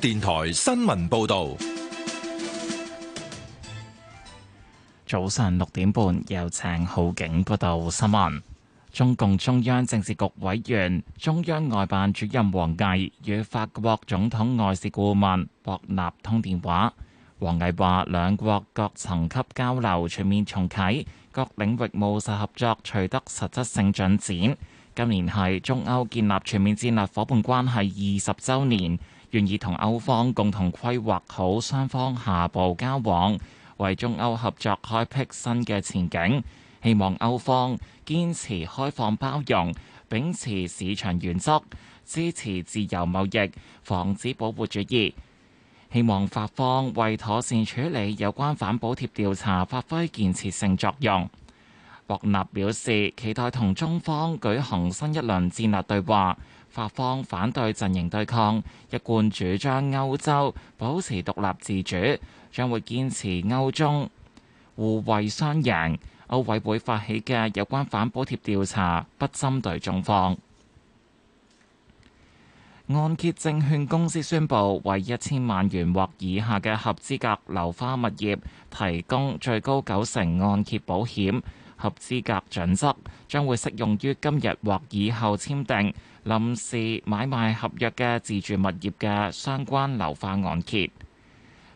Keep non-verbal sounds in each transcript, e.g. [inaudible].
電台新聞報道，早晨六點半，有請浩景報道新聞。中共中央政治局委員、中央外辦主任王毅與法國總統外事顧問博納通電話。王毅話，兩國各層級交流全面重啟，各領域務實合作取得實質性進展。今年係中歐建立全面戰略夥伴關係二十周年。願意同歐方共同規劃好雙方下步交往，為中歐合作開辟新嘅前景。希望歐方堅持開放包容，秉持市場原則，支持自由貿易，防止保護主義。希望法方為妥善處理有關反補貼調查，發揮建設性作用。霍納表示，期待同中方舉行新一輪戰略對話。法方反對陣營對抗，一貫主張歐洲保持獨立自主，將會堅持歐中互惠雙贏。歐委會發起嘅有關反補貼調查，不針對中方。按揭證券公司宣布，為一千萬元或以下嘅合資格流花物業提供最高九成按揭保險。合資格準則將會適用於今日或以後簽訂臨時買賣合約嘅自住物業嘅相關樓花按揭，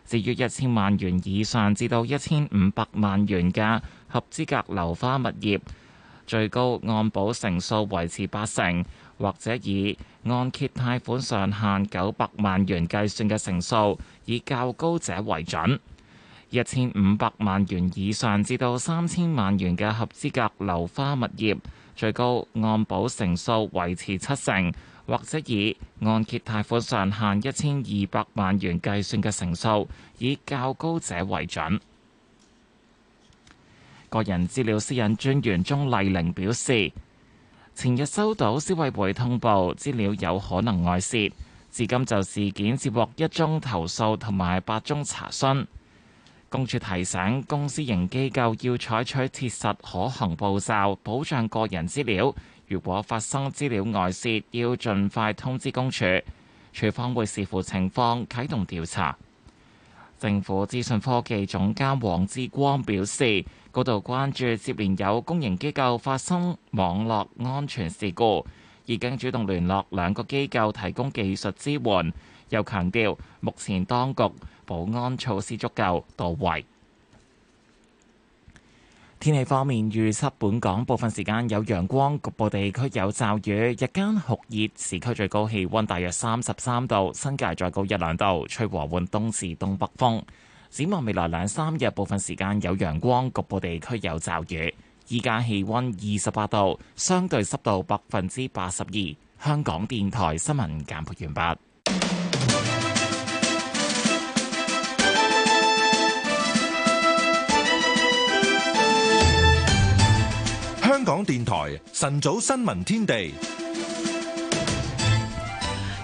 至於一千萬元以上至到一千五百萬元嘅合資格樓花物業，最高按保成數維持八成，或者以按揭貸款上限九百萬元計算嘅成數，以較高者為準。一千五百萬元以上至到三千萬元嘅合資格樓花物業。最高按保成數維持七成，或者以按揭貸款上限一千二百萬元計算嘅成數，以較高者為準。個人資料私隱專員鍾麗玲表示，前日收到消委會通報資料有可能外洩，至今就事件接獲一宗投訴同埋八宗查詢。公署提醒公私營機構要採取切實可行步驟，保障個人資料。如果發生資料外洩，要盡快通知公署，處方會視乎情況啟動調查。政府資訊科技總監黃志光表示，高度關注接連有公營機構發生網絡安全事故，已經主動聯絡兩個機構提供技術支援。又強調，目前當局保安措施足夠到位。天氣方面預測，本港部分時間有陽光，局部地區有驟雨。日間酷熱，市區最高氣温大約三十三度，新界再高一兩度。吹和緩東至東北風。展望未來兩三日，部分時間有陽光，局部地區有驟雨。依家氣温二十八度，相對濕度百分之八十二。香港電台新聞簡報完畢。香港電台晨早新聞天地，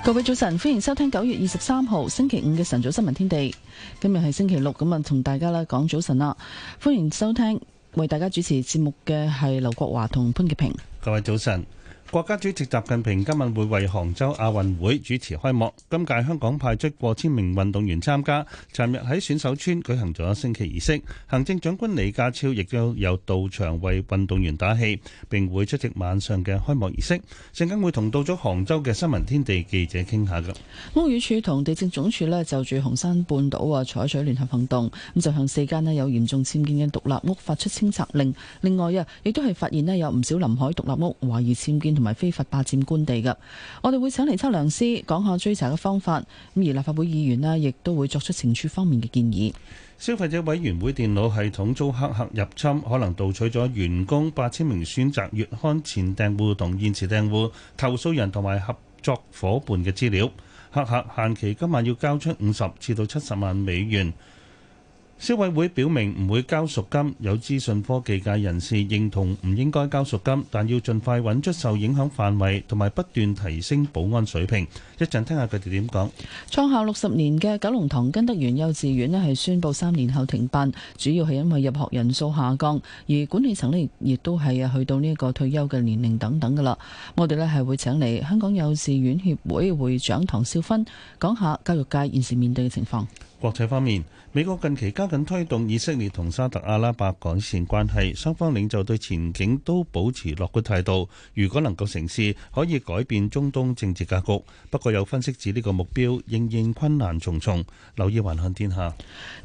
各位早晨，歡迎收聽九月二十三號星期五嘅晨早新聞天地。今日係星期六，咁啊同大家啦講早晨啦，歡迎收聽，為大家主持節目嘅係劉國華同潘潔平。各位早晨。國家主席習近平今日會為杭州亞運會主持開幕。今屆香港派出過千名運動員參加，尋日喺選手村舉行咗升旗儀式。行政長官李家超亦都有到場為運動員打氣，並會出席晚上嘅開幕儀式。陣間會同到咗杭州嘅新聞天地記者傾下噶。屋宇署同地政總署呢，就住紅山半島啊，採取聯合行動，咁就向四間呢有嚴重僭建嘅獨立屋發出清拆令。另外啊，亦都係發現呢有唔少臨海獨立屋懷疑僭建。同埋非法霸佔官地噶，我哋會請嚟測量師講下追查嘅方法。咁而立法會議員咧，亦都會作出懲處方面嘅建議。消費者委員會電腦系統遭黑客，客入侵，可能盜取咗員工八千名選擇月刊前訂戶同現時訂戶、投訴人同埋合作夥伴嘅資料。黑客，客限期今晚要交出五十至到七十萬美元。消委會表明唔會交贖金，有資訊科技界人士認同唔應該交贖金，但要盡快揾出受影響範圍，同埋不斷提升保安水平。一陣聽下佢哋點講。創校六十年嘅九龍塘根德園幼稚園呢係宣布三年後停辦，主要係因為入學人數下降，而管理層呢亦都係啊去到呢一個退休嘅年齡等等噶啦。我哋咧係會請嚟香港幼稚園協會會長唐少芬講下教育界現時面對嘅情況。國際方面。美國近期加緊推動以色列同沙特阿拉伯改善關係，雙方領袖對前景都保持樂觀態度。如果能夠成事，可以改變中東政治格局。不過，有分析指呢個目標仍然困難重重。留意《還看天下》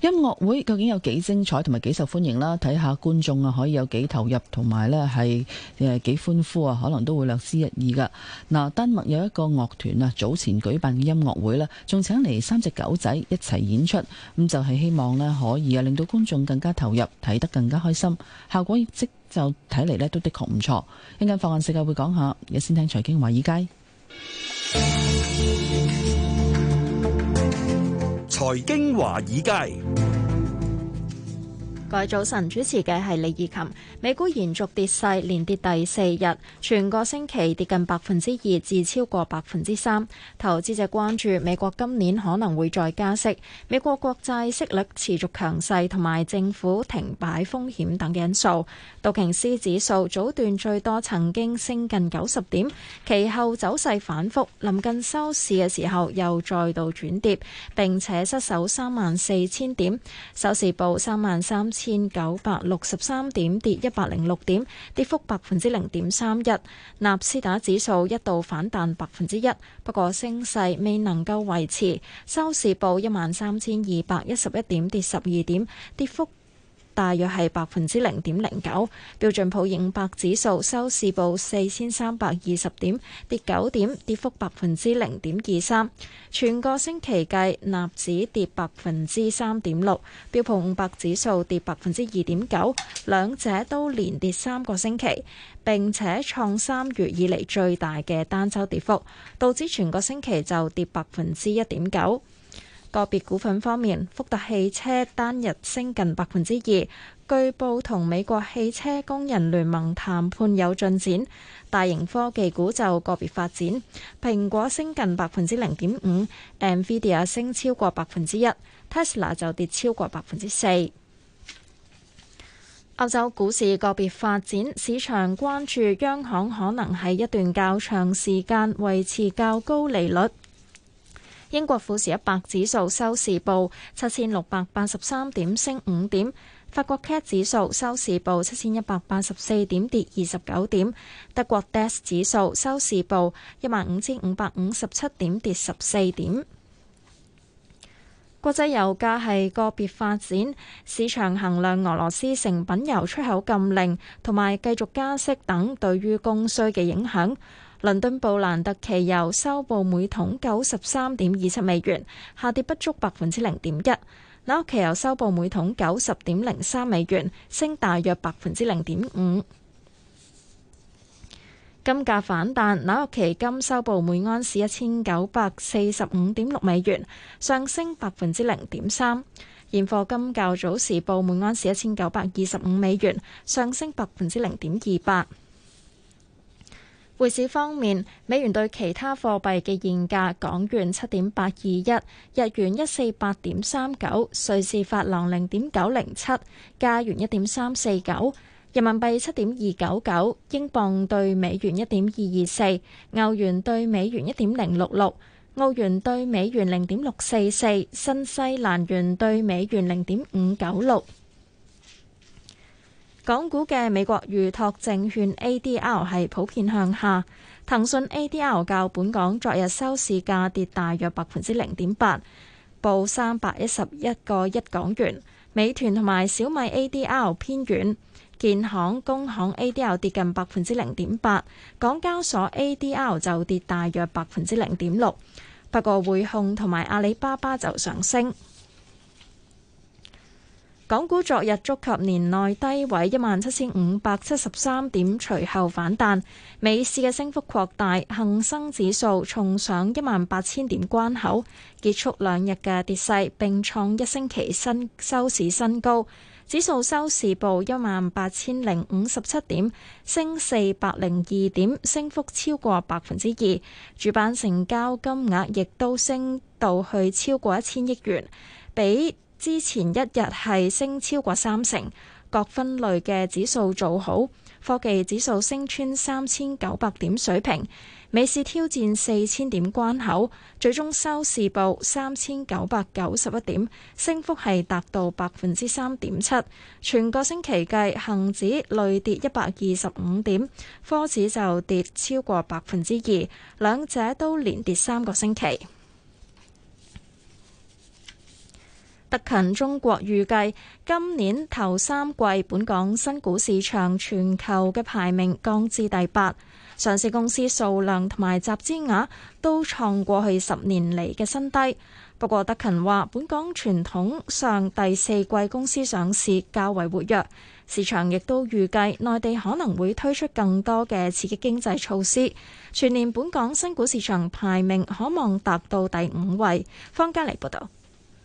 音樂會究竟有幾精彩同埋幾受歡迎啦？睇下觀眾啊可以有幾投入同埋咧係誒幾歡呼啊，可能都會略知一二噶。嗱，丹麥有一個樂團啊，早前舉辦嘅音樂會啦，仲請嚟三隻狗仔一齊演出，咁就係、是。希望咧可以啊，令到觀眾更加投入，睇得更加開心，效果亦即就睇嚟，咧都的確唔錯。一陣放眼世界會講下，先聽財經華爾街。財經華爾街。各位早晨主持嘅係李怡琴。美股延續跌勢連跌第四日，全個星期跌近百分之二至超過百分之三。投資者關注美國今年可能會再加息、美國國債息率持續強勢同埋政府停擺風險等因素。道瓊斯指數早段最多曾經升近九十點，其後走勢反复臨近收市嘅時候又再度轉跌，並且失守三萬四千點收市報三萬三。千九百六十三點，跌一百零六點，跌幅百分之零點三一。納斯達指數一度反彈百分之一，不過升勢未能夠維持，收市報一萬三千二百一十一點，跌十二點，跌幅大約係百分之零點零九。標準普五百指數收市報四千三百二十點，跌九點，跌幅百分之零點二三。全個星期計，納指跌百分之三點六，標普五百指數跌百分之二點九，兩者都連跌三個星期，並且創三月以嚟最大嘅單周跌幅，導致全個星期就跌百分之一點九。個別股份方面，福特汽車單日升近百分之二，據報同美國汽車工人聯盟談判有進展。大型科技股就個別發展，蘋果升近百分之零點五，NVIDIA 升超過百分之一，Tesla 就跌超過百分之四。歐洲股市個別發展，市場關注央行可能喺一段較長時間維持較高利率。英國富時一百指數收市報七千六百八十三點，升五點。法國 CAC 指數收市報七千一百八十四點，跌二十九點。德國 DAX 指數收市報一萬五千五百五十七點，跌十四點。國際油價係個別發展，市場衡量俄羅斯成品油出口禁令同埋繼續加息等對於供需嘅影響。倫敦布蘭特期油收報每桶九十三點二七美元，下跌不足百分之零點一。紐約期油收報每桶九十點零三美元，升大約百分之零點五。金價反彈，紐約期金收報每安士一千九百四十五點六美元，上升百分之零點三。現貨金較早時報每安士一千九百二十五美元，上升百分之零點二八。匯市方面，美元對其他貨幣嘅現價：港元七點八二一，日元一四八點三九，瑞士法郎零點九零七，加元一點三四九，人民幣七點二九九，英鎊對美元一點二二四，歐元對美元一點零六六，澳元對美元零點六四四，新西蘭元對美元零點五九六。港股嘅美國預託證券 ADR 係普遍向下，騰訊 ADR 較本港昨日收市價跌大約百分之零點八，報三百一十一個一港元。美團同埋小米 ADR 偏軟，建行、工行 ADR 跌近百分之零點八，港交所 ADR 就跌大約百分之零點六。不過匯控同埋阿里巴巴就上升。港股昨日觸及年內低位一萬七千五百七十三點，隨後反彈。美市嘅升幅擴大，恆生指數重上一萬八千點關口，結束兩日嘅跌勢，並創一星期新收市新高。指數收市報一萬八千零五十七點，升四百零二點，升幅超過百分之二。主板成交金額亦都升到去超過一千億元，比之前一日係升超過三成，各分類嘅指數做好，科技指數升穿三千九百點水平，美市挑戰四千點關口，最終收市報三千九百九十一點，升幅係達到百分之三點七。全個星期計，恒指累跌一百二十五點，科指就跌超過百分之二，兩者都連跌三個星期。德勤中國預計今年頭三季，本港新股市場全球嘅排名降至第八，上市公司數量同埋集資額都創過去十年嚟嘅新低。不過德勤話，本港傳統上第四季公司上市較為活躍，市場亦都預計內地可能會推出更多嘅刺激經濟措施。全年本港新股市場排名可望達到第五位。方嘉莉報道。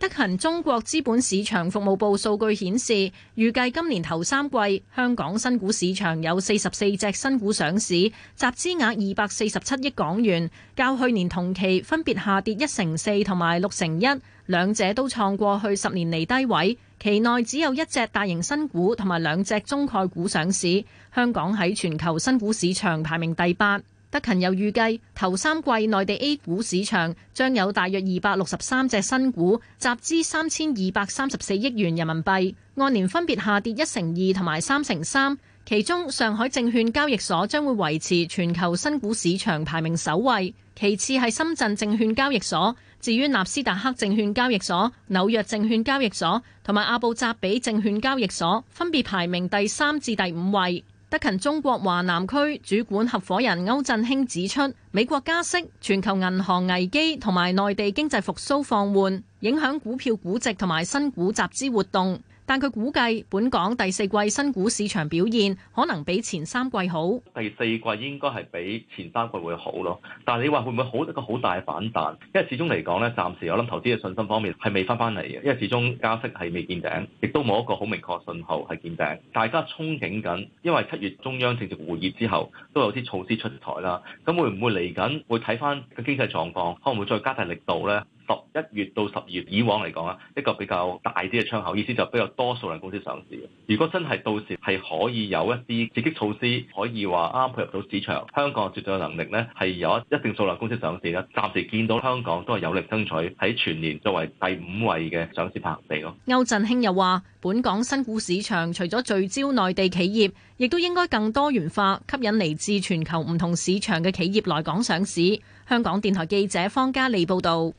德勤中國資本市場服務部數據顯示，預計今年頭三季香港新股市場有四十四隻新股上市，集資額二百四十七億港元，較去年同期分別下跌一成四同埋六成一，兩者都創過去十年嚟低位。期內只有一隻大型新股同埋兩隻中概股上市，香港喺全球新股市場排名第八。德勤又預計，頭三季內地 A 股市場將有大約二百六十三隻新股集資三千二百三十四億元人民幣，按年分別下跌一成二同埋三成三。其中，上海證券交易所將會維持全球新股市場排名首位，其次係深圳證券交易所。至於納斯達克證券交易所、紐約證券交易所同埋阿布扎比證券交易所，分別排名第三至第五位。德勤中國華南區主管合夥人歐振興指出，美國加息、全球銀行危機同埋內地經濟復甦放緩，影響股票估值同埋新股集資活動。但佢估計本港第四季新股市場表現可能比前三季好。第四季應該係比前三季會好咯。但係你話會唔會好一個好大嘅反彈？因為始終嚟講咧，暫時我諗投資嘅信心方面係未翻翻嚟嘅。因為始終加息係未見頂，亦都冇一個好明確信號係見頂。大家憧憬緊，因為七月中央政治會議之後都有啲措施出台啦。咁會唔會嚟緊會睇翻個經濟狀況，可能會再加大力度咧？十一月到十二月，以往嚟講，啊，一個比較大啲嘅窗口，意思就比較多數量公司上市。如果真係到時係可以有一啲刺激措施，可以話啱配合到市場，香港絕對有能力呢，係有一定數量公司上市啦。暫時見到香港都係有力爭取喺全年作為第五位嘅上市拍地咯。歐振興又話，本港新股市場除咗聚焦內地企業，亦都應該更多元化，吸引嚟自全球唔同市場嘅企業來港上市。香港電台記者方嘉利報道。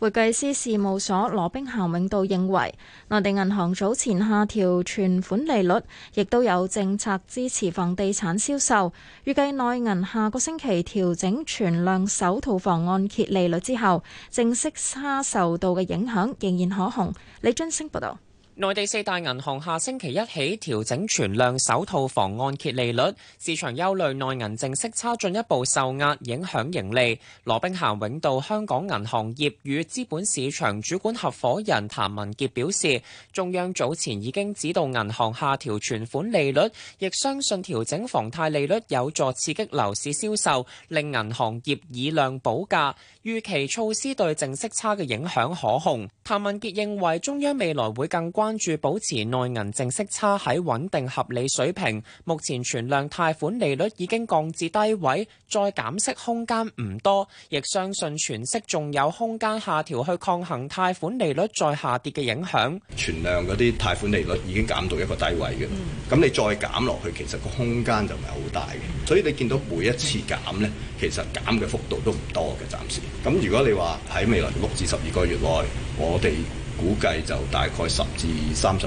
會計師事務所羅兵咸永道認為，內地銀行早前下調存款利率，亦都有政策支持房地產銷售。預計內銀下個星期調整存量首套房按揭利率之後，正式差受到嘅影響仍然可控。李津升報道。內地四大銀行下星期一起調整存量首套房按揭利率，市場憂慮內、內銀淨息差進一步受壓，影響盈利。羅兵咸永道香港銀行業與資本市場主管合伙人譚文傑表示，中央早前已經指導銀行下調存款利率，亦相信調整房貸利率有助刺激樓市銷售，令銀行業以量補價。預期措施對淨息差嘅影響可控。譚文傑認為中央未來會更關注保持內銀淨息差喺穩定合理水平。目前存量貸款利率已經降至低位，再減息空間唔多，亦相信存息仲有空間下調去抗衡貸款利率再下跌嘅影響。存量嗰啲貸款利率已經減到一個低位嘅，咁、mm. 你再減落去，其實個空間就唔係好大嘅。所以你見到每一次減呢，其實減嘅幅度都唔多嘅，暫時。咁如果你話喺未來六至十二個月內，我哋估計就大概十至三十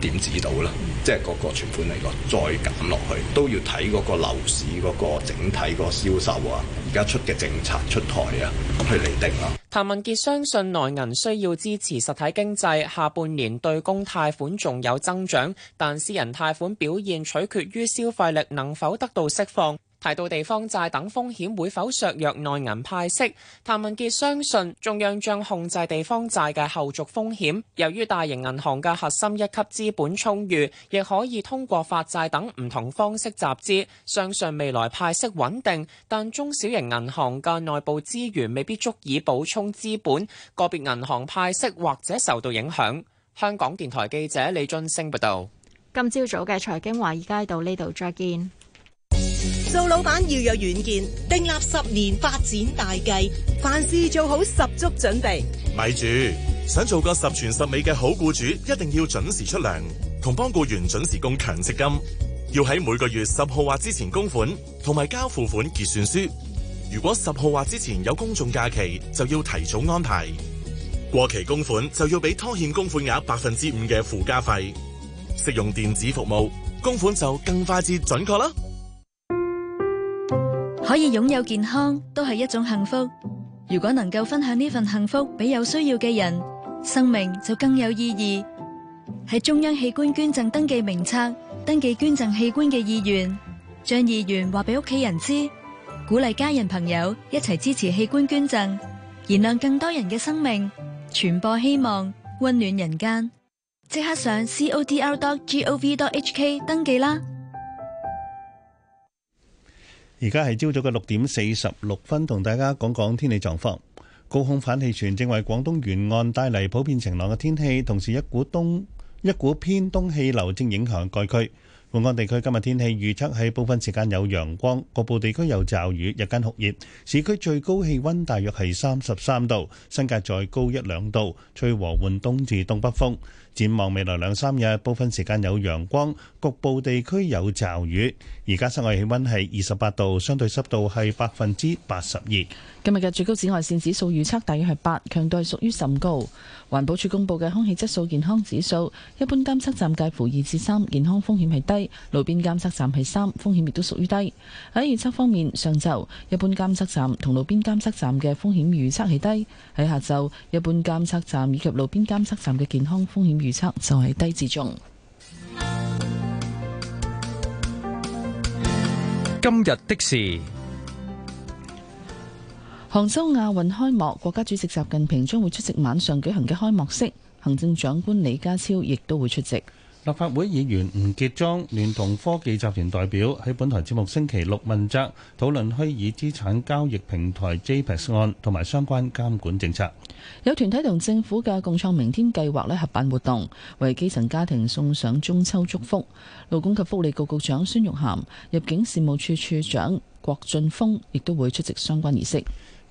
點止到啦。即係個個存款嚟講，再減落去都要睇嗰個樓市嗰個整體個銷售啊。而家出嘅政策出台啊，去嚟定啦。譚文傑相信內銀需要支持實體經濟，下半年對公貸款仲有增長，但私人貸款表現取決於消費力能否得到釋放。提到地方債等風險會否削弱內銀派息？譚文傑相信中央將控制地方債嘅後續風險。由於大型銀行嘅核心一級資本充裕，亦可以通過發債等唔同方式集資，相信未來派息穩定。但中小型銀行嘅內部資源未必足以補充資本，個別銀行派息或者受到影響。香港電台記者李津升報道。今朝早嘅財經華爾街到呢度再見。做老闆要有遠見，訂立十年發展大計，凡事做好十足準備。咪住，想做個十全十美嘅好僱主，一定要準時出糧，同幫僱員準時供強積金，要喺每個月十號或之前供款，同埋交付款結算書。如果十號或之前有公眾假期，就要提早安排。過期供款就要俾拖欠供款額百分之五嘅附加費。適用電子服務，供款就更快捷準確啦。可以擁有健康都係一種幸福。如果能夠分享呢份幸福俾有需要嘅人，生命就更有意義。喺中央器官捐贈登記名冊，登記捐贈器官嘅意願，將意願話俾屋企人知，鼓勵家人朋友一齊支持器官捐贈，燃亮更多人嘅生命，傳播希望，溫暖人間。即刻上 codr.gov.hk 登記啦！而家係朝早嘅六點四十六分，同大家講講天氣狀況。高空反氣旋正為廣東沿岸帶嚟普遍晴朗嘅天氣，同時一股東，一股偏東氣流正影響該區。本港地區今日天氣預測係部分時間有陽光，局部地區有驟雨，日間酷熱，市區最高氣溫大約係三十三度，新界再高一兩度，吹和緩東至東北風。展望未來兩三日，部分時間有陽光，局部地區有驟雨。而家室外氣溫係二十八度，相對濕度係百分之八十二。今日嘅最高紫外線指數預測大約係八，強度係屬於甚高。環保署公布嘅空氣質素健康指數，一般監測站介乎二至三，健康風險係低；路邊監測站係三，風險亦都屬於低。喺預測方面，上晝一般監測站同路邊監測站嘅風險預測係低；喺下晝，一般監測站以及路邊監測站嘅健康風險預測就係低至中。今日的事。杭州亞運開幕，國家主席習近平將會出席晚上舉行嘅開幕式。行政長官李家超亦都會出席。立法會議員吳傑莊聯同科技集團代表喺本台節目星期六問責討論虛擬資產交易平台 JPEX 案同埋相關監管政策。有團體同政府嘅共創明天計劃咧合辦活動，為基層家庭送上中秋祝福。勞工及福利局局長孫玉菡、入境事務處處長郭俊峰亦都會出席相關儀式。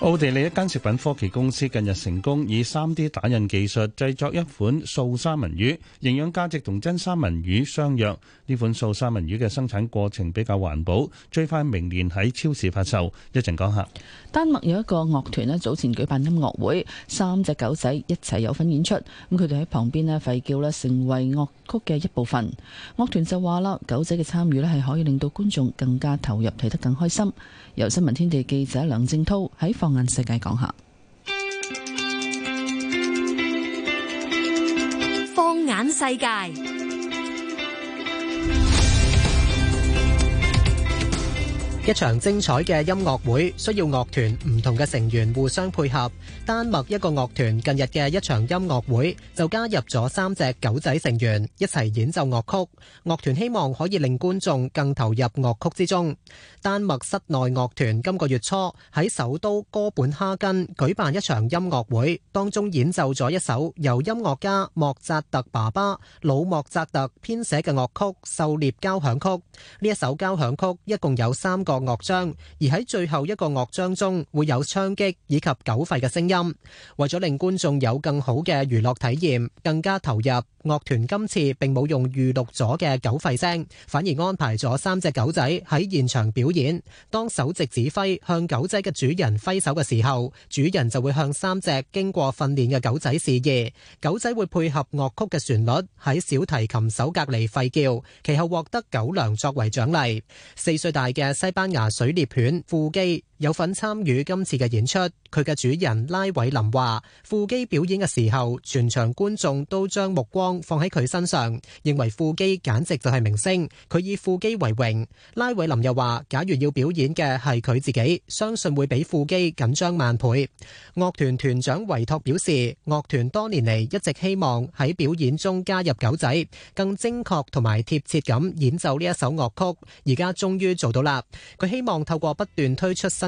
奧地利一間食品科技公司近日成功以三 D 打印技術製作一款素三文魚，營養價值同真三文魚相若。呢款素三文魚嘅生產過程比較環保，最快明年喺超市發售。一陣講下，丹麥有一個樂團咧，早前舉辦音樂會，三隻狗仔一齊有份演出，咁佢哋喺旁邊呢吠叫咧，成為樂曲嘅一部分。樂團就話啦，狗仔嘅參與咧係可以令到觀眾更加投入，睇得更開心。由新聞天地記者梁正濤喺放眼世界講下，放眼世界。一場精彩嘅音樂會,需要樂團唔同嘅成員互相配合。丹麥一個樂團,近日嘅一場音樂會,就加入咗三隻狗仔成員,一齊演奏樂曲。樂團希望可以令觀眾更投入樂曲之中。丹麥室內樂團,今個月初,喺首都哥本哈根舉辦一場音樂會,當中演奏咗一首由音樂家,莫扎特爸爸,老莫扎特編寫嘅樂曲,狩獵交響曲。呢一首交響曲,一共有三個樂章，而喺最後一個樂章中會有槍擊以及狗吠嘅聲音。為咗令觀眾有更好嘅娛樂體驗，更加投入，樂團今次並冇用預錄咗嘅狗吠聲，反而安排咗三隻狗仔喺現場表演。當首席指揮向狗仔嘅主人揮手嘅時候，主人就會向三隻經過訓練嘅狗仔示意，狗仔會配合樂曲嘅旋律喺小提琴手隔籬吠叫，其後獲得狗糧作為獎勵。四歲大嘅西班牙水獵犬腹肌，有份參與今次嘅演出，佢嘅主人拉偉林話，富基表演嘅時候，全場觀眾都將目光放喺佢身上，認為富基簡直就係明星。佢以富基為榮。拉偉林又話，假如要表演嘅係佢自己，相信會比富基緊張萬倍。樂團團長維托表示，樂團多年嚟一直希望喺表演中加入狗仔，更精確同埋貼切咁演奏呢一首樂曲。而家終於做到啦！佢希望透過不斷推出新，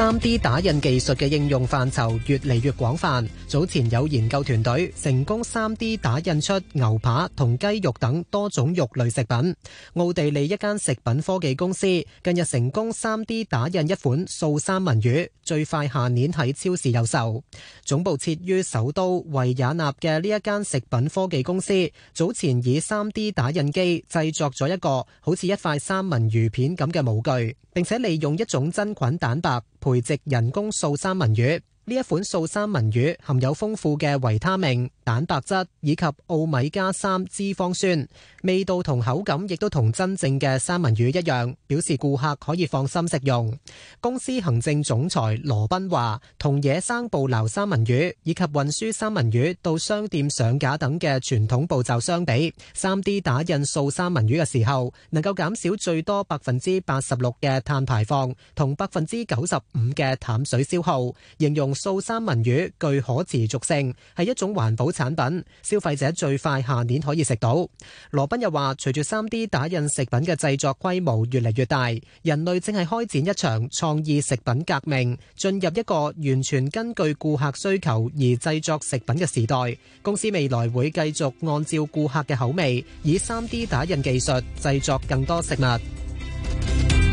三 D 打印技術嘅應用範疇越嚟越廣泛。早前有研究團隊成功三 D 打印出牛扒同雞肉等多種肉類食品。奧地利一間食品科技公司近日成功三 D 打印一款素三文魚，最快下年喺超市有售。總部設於首都維也納嘅呢一間食品科技公司，早前以三 D 打印機製作咗一個好似一塊三文魚片咁嘅模具，並且利用一種真菌蛋白。培植人工素三文魚。呢一款素三文魚含有豐富嘅維他命、蛋白質以及奧米加三脂肪酸，味道同口感亦都同真正嘅三文魚一樣，表示顧客可以放心食用。公司行政總裁羅賓華同野生捕撈三文魚以及運輸三文魚到商店上架等嘅傳統步驟相比，3D 打印素三文魚嘅時候，能夠減少最多百分之八十六嘅碳排放同百分之九十五嘅淡水消耗，形容。素三文魚具可持續性，係一種環保產品。消費者最快下年可以食到。羅賓又話，隨住三 D 打印食品嘅製作規模越嚟越大，人類正係開展一場創意食品革命，進入一個完全根據顧客需求而製作食品嘅時代。公司未來會繼續按照顧客嘅口味，以三 D 打印技術製作更多食物。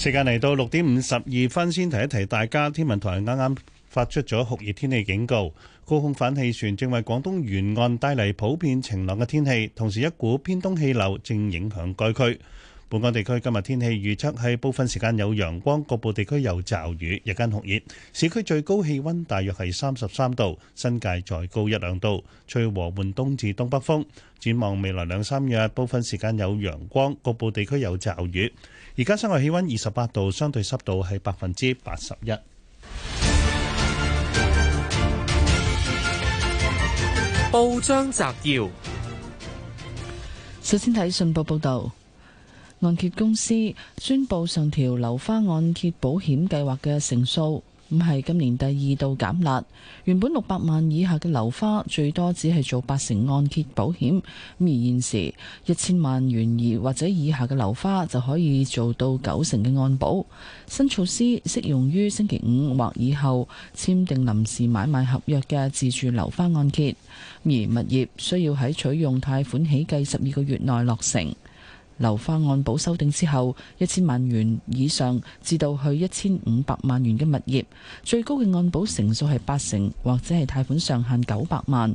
時間嚟到六點五十二分，先提一提大家。天文台啱啱發出咗酷熱天氣警告，高空反氣旋正為廣東沿岸帶嚟普遍晴朗嘅天氣，同時一股偏東氣流正影響該區。本港地區今日天氣預測係部分時間有陽光，局部地區有驟雨，日間酷熱，市區最高氣温大約係三十三度，新界再高一兩度，吹和緩東至東北風。展望未來兩三日，部分時間有陽光，局部地區有驟雨。而家室外氣温二十八度，相對濕度係百分之八十一。報章摘要，首先睇信報報道。按揭公司宣布上調樓花按揭保險計劃嘅成數，咁係今年第二度減辣。原本六百萬以下嘅樓花最多只係做八成按揭保險，而現時一千萬元二或者以下嘅樓花就可以做到九成嘅按保。新措施適用於星期五或以後簽訂臨時買賣合約嘅自住樓花按揭，而物業需要喺取用貸款起計十二個月內落成。樓花按保修訂之後，一千萬元以上至到去一千五百萬元嘅物業，最高嘅按保成數係八成，或者係貸款上限九百萬；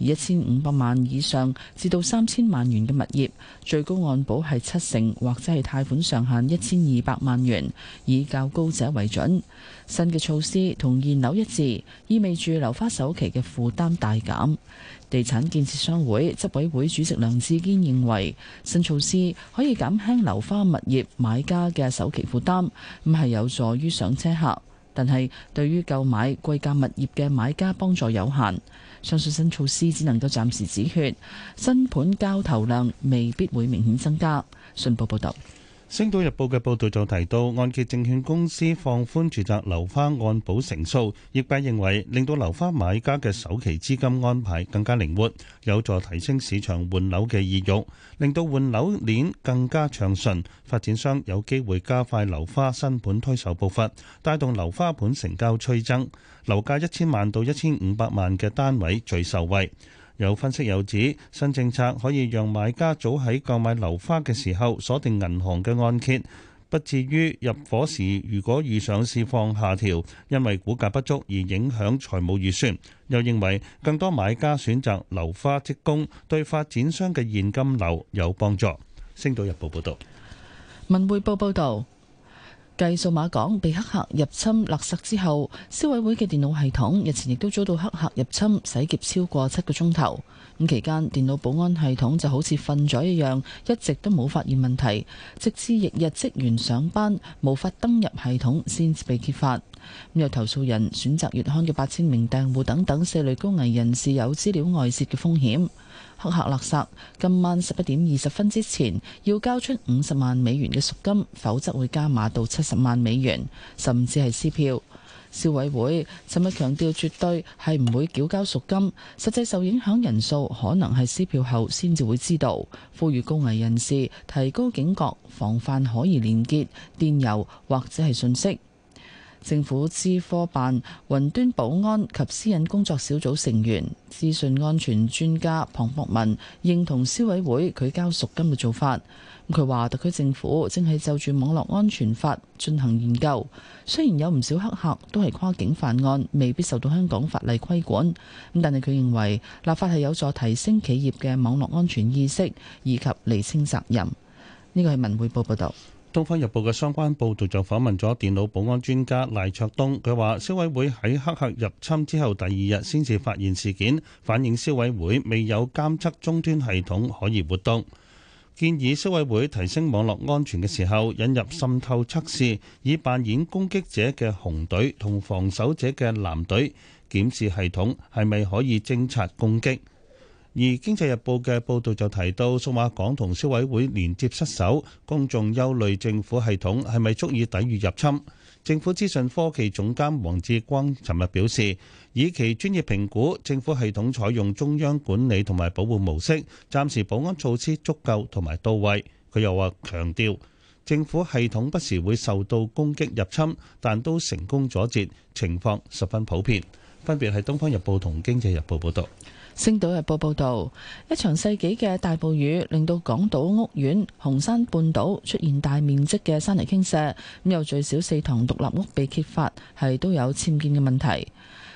而一千五百萬以上至到三千萬元嘅物業，最高按保係七成，或者係貸款上限一千二百萬元，以較高者為準。新嘅措施同現樓一致，意味住樓花首期嘅負擔大減。地產建設商會執委會主席梁志堅認為，新措施可以減輕流花物業買家嘅首期負擔，咁係有助於上車客。但係對於購買貴價物業嘅買家幫助有限，相信新措施只能夠暫時止血，新盤交投量未必會明顯增加。信報報道。星島日報嘅報道就提到，按揭證券公司放寬住宅樓花按保成數，業界認為令到樓花買家嘅首期資金安排更加靈活，有助提升市場換樓嘅意欲，令到換樓鏈更加暢順，發展商有機會加快樓花新盤推售步伐，帶動樓花盤成交趨增，樓價一千萬到一千五百萬嘅單位最受惠。有分析有指新政策可以讓買家早喺購買樓花嘅時候鎖定銀行嘅按揭，不至於入伙時如果遇上市況下調，因為股價不足而影響財務預算。又認為更多買家選擇樓花即供對發展商嘅現金流有幫助。星島日報報道，文匯報報道。繼數碼港被黑客入侵勒索之後，消委會嘅電腦系統日前亦都遭到黑客入侵洗劫，超過七個鐘頭。咁期間，電腦保安系統就好似瞓咗一樣，一直都冇發現問題，直至翌日職員上班無法登入系統先至被揭發。咁投訴人選擇月刊嘅八千名訂戶等等四類高危人士有資料外洩嘅風險。黑客勒索，今晚十一點二十分之前要交出五十萬美元嘅贖金，否則會加碼到七十萬美元，甚至係撕票。消委會尋日強調，絕對係唔會繳交贖金，實際受影響人數可能係撕票後先至會知道。呼籲高危人士提高警覺，防範可疑連結、電郵或者係信息。政府資科辦雲端保安及私隱工作小組成員，資訊安全專家龐博文認同消委會拒交贖金嘅做法。佢話特區政府正係就住網絡安全法進行研究。雖然有唔少黑客都係跨境犯案，未必受到香港法例規管，咁但係佢認為立法係有助提升企業嘅網絡安全意識以及釐清責任。呢個係文匯報報道。《東方日報》嘅相關報導就訪問咗電腦保安專家賴卓東，佢話消委會喺黑客入侵之後第二日先至發現事件，反映消委會未有監測終端系統可以活動，建議消委會提升網絡安全嘅時候引入滲透測試，以扮演攻擊者嘅紅隊同防守者嘅藍隊檢視系統係咪可以偵察攻擊。而《經濟日報》嘅報導就提到，數碼港同消委會連接失守，公眾憂慮政府系統係咪足以抵禦入侵？政府資訊科技總監黃志光尋日表示，以其專業評估，政府系統採用中央管理同埋保護模式，暫時保安措施足夠同埋到位。佢又話強調，政府系統不時會受到攻擊入侵，但都成功阻截，情況十分普遍。分別係《東方日報》同《經濟日報》報導。《星島日報》報道，一場世紀嘅大暴雨令到港島屋苑紅山半島出現大面積嘅山泥傾瀉，有最少四堂獨立屋被揭發係都有僭建嘅問題。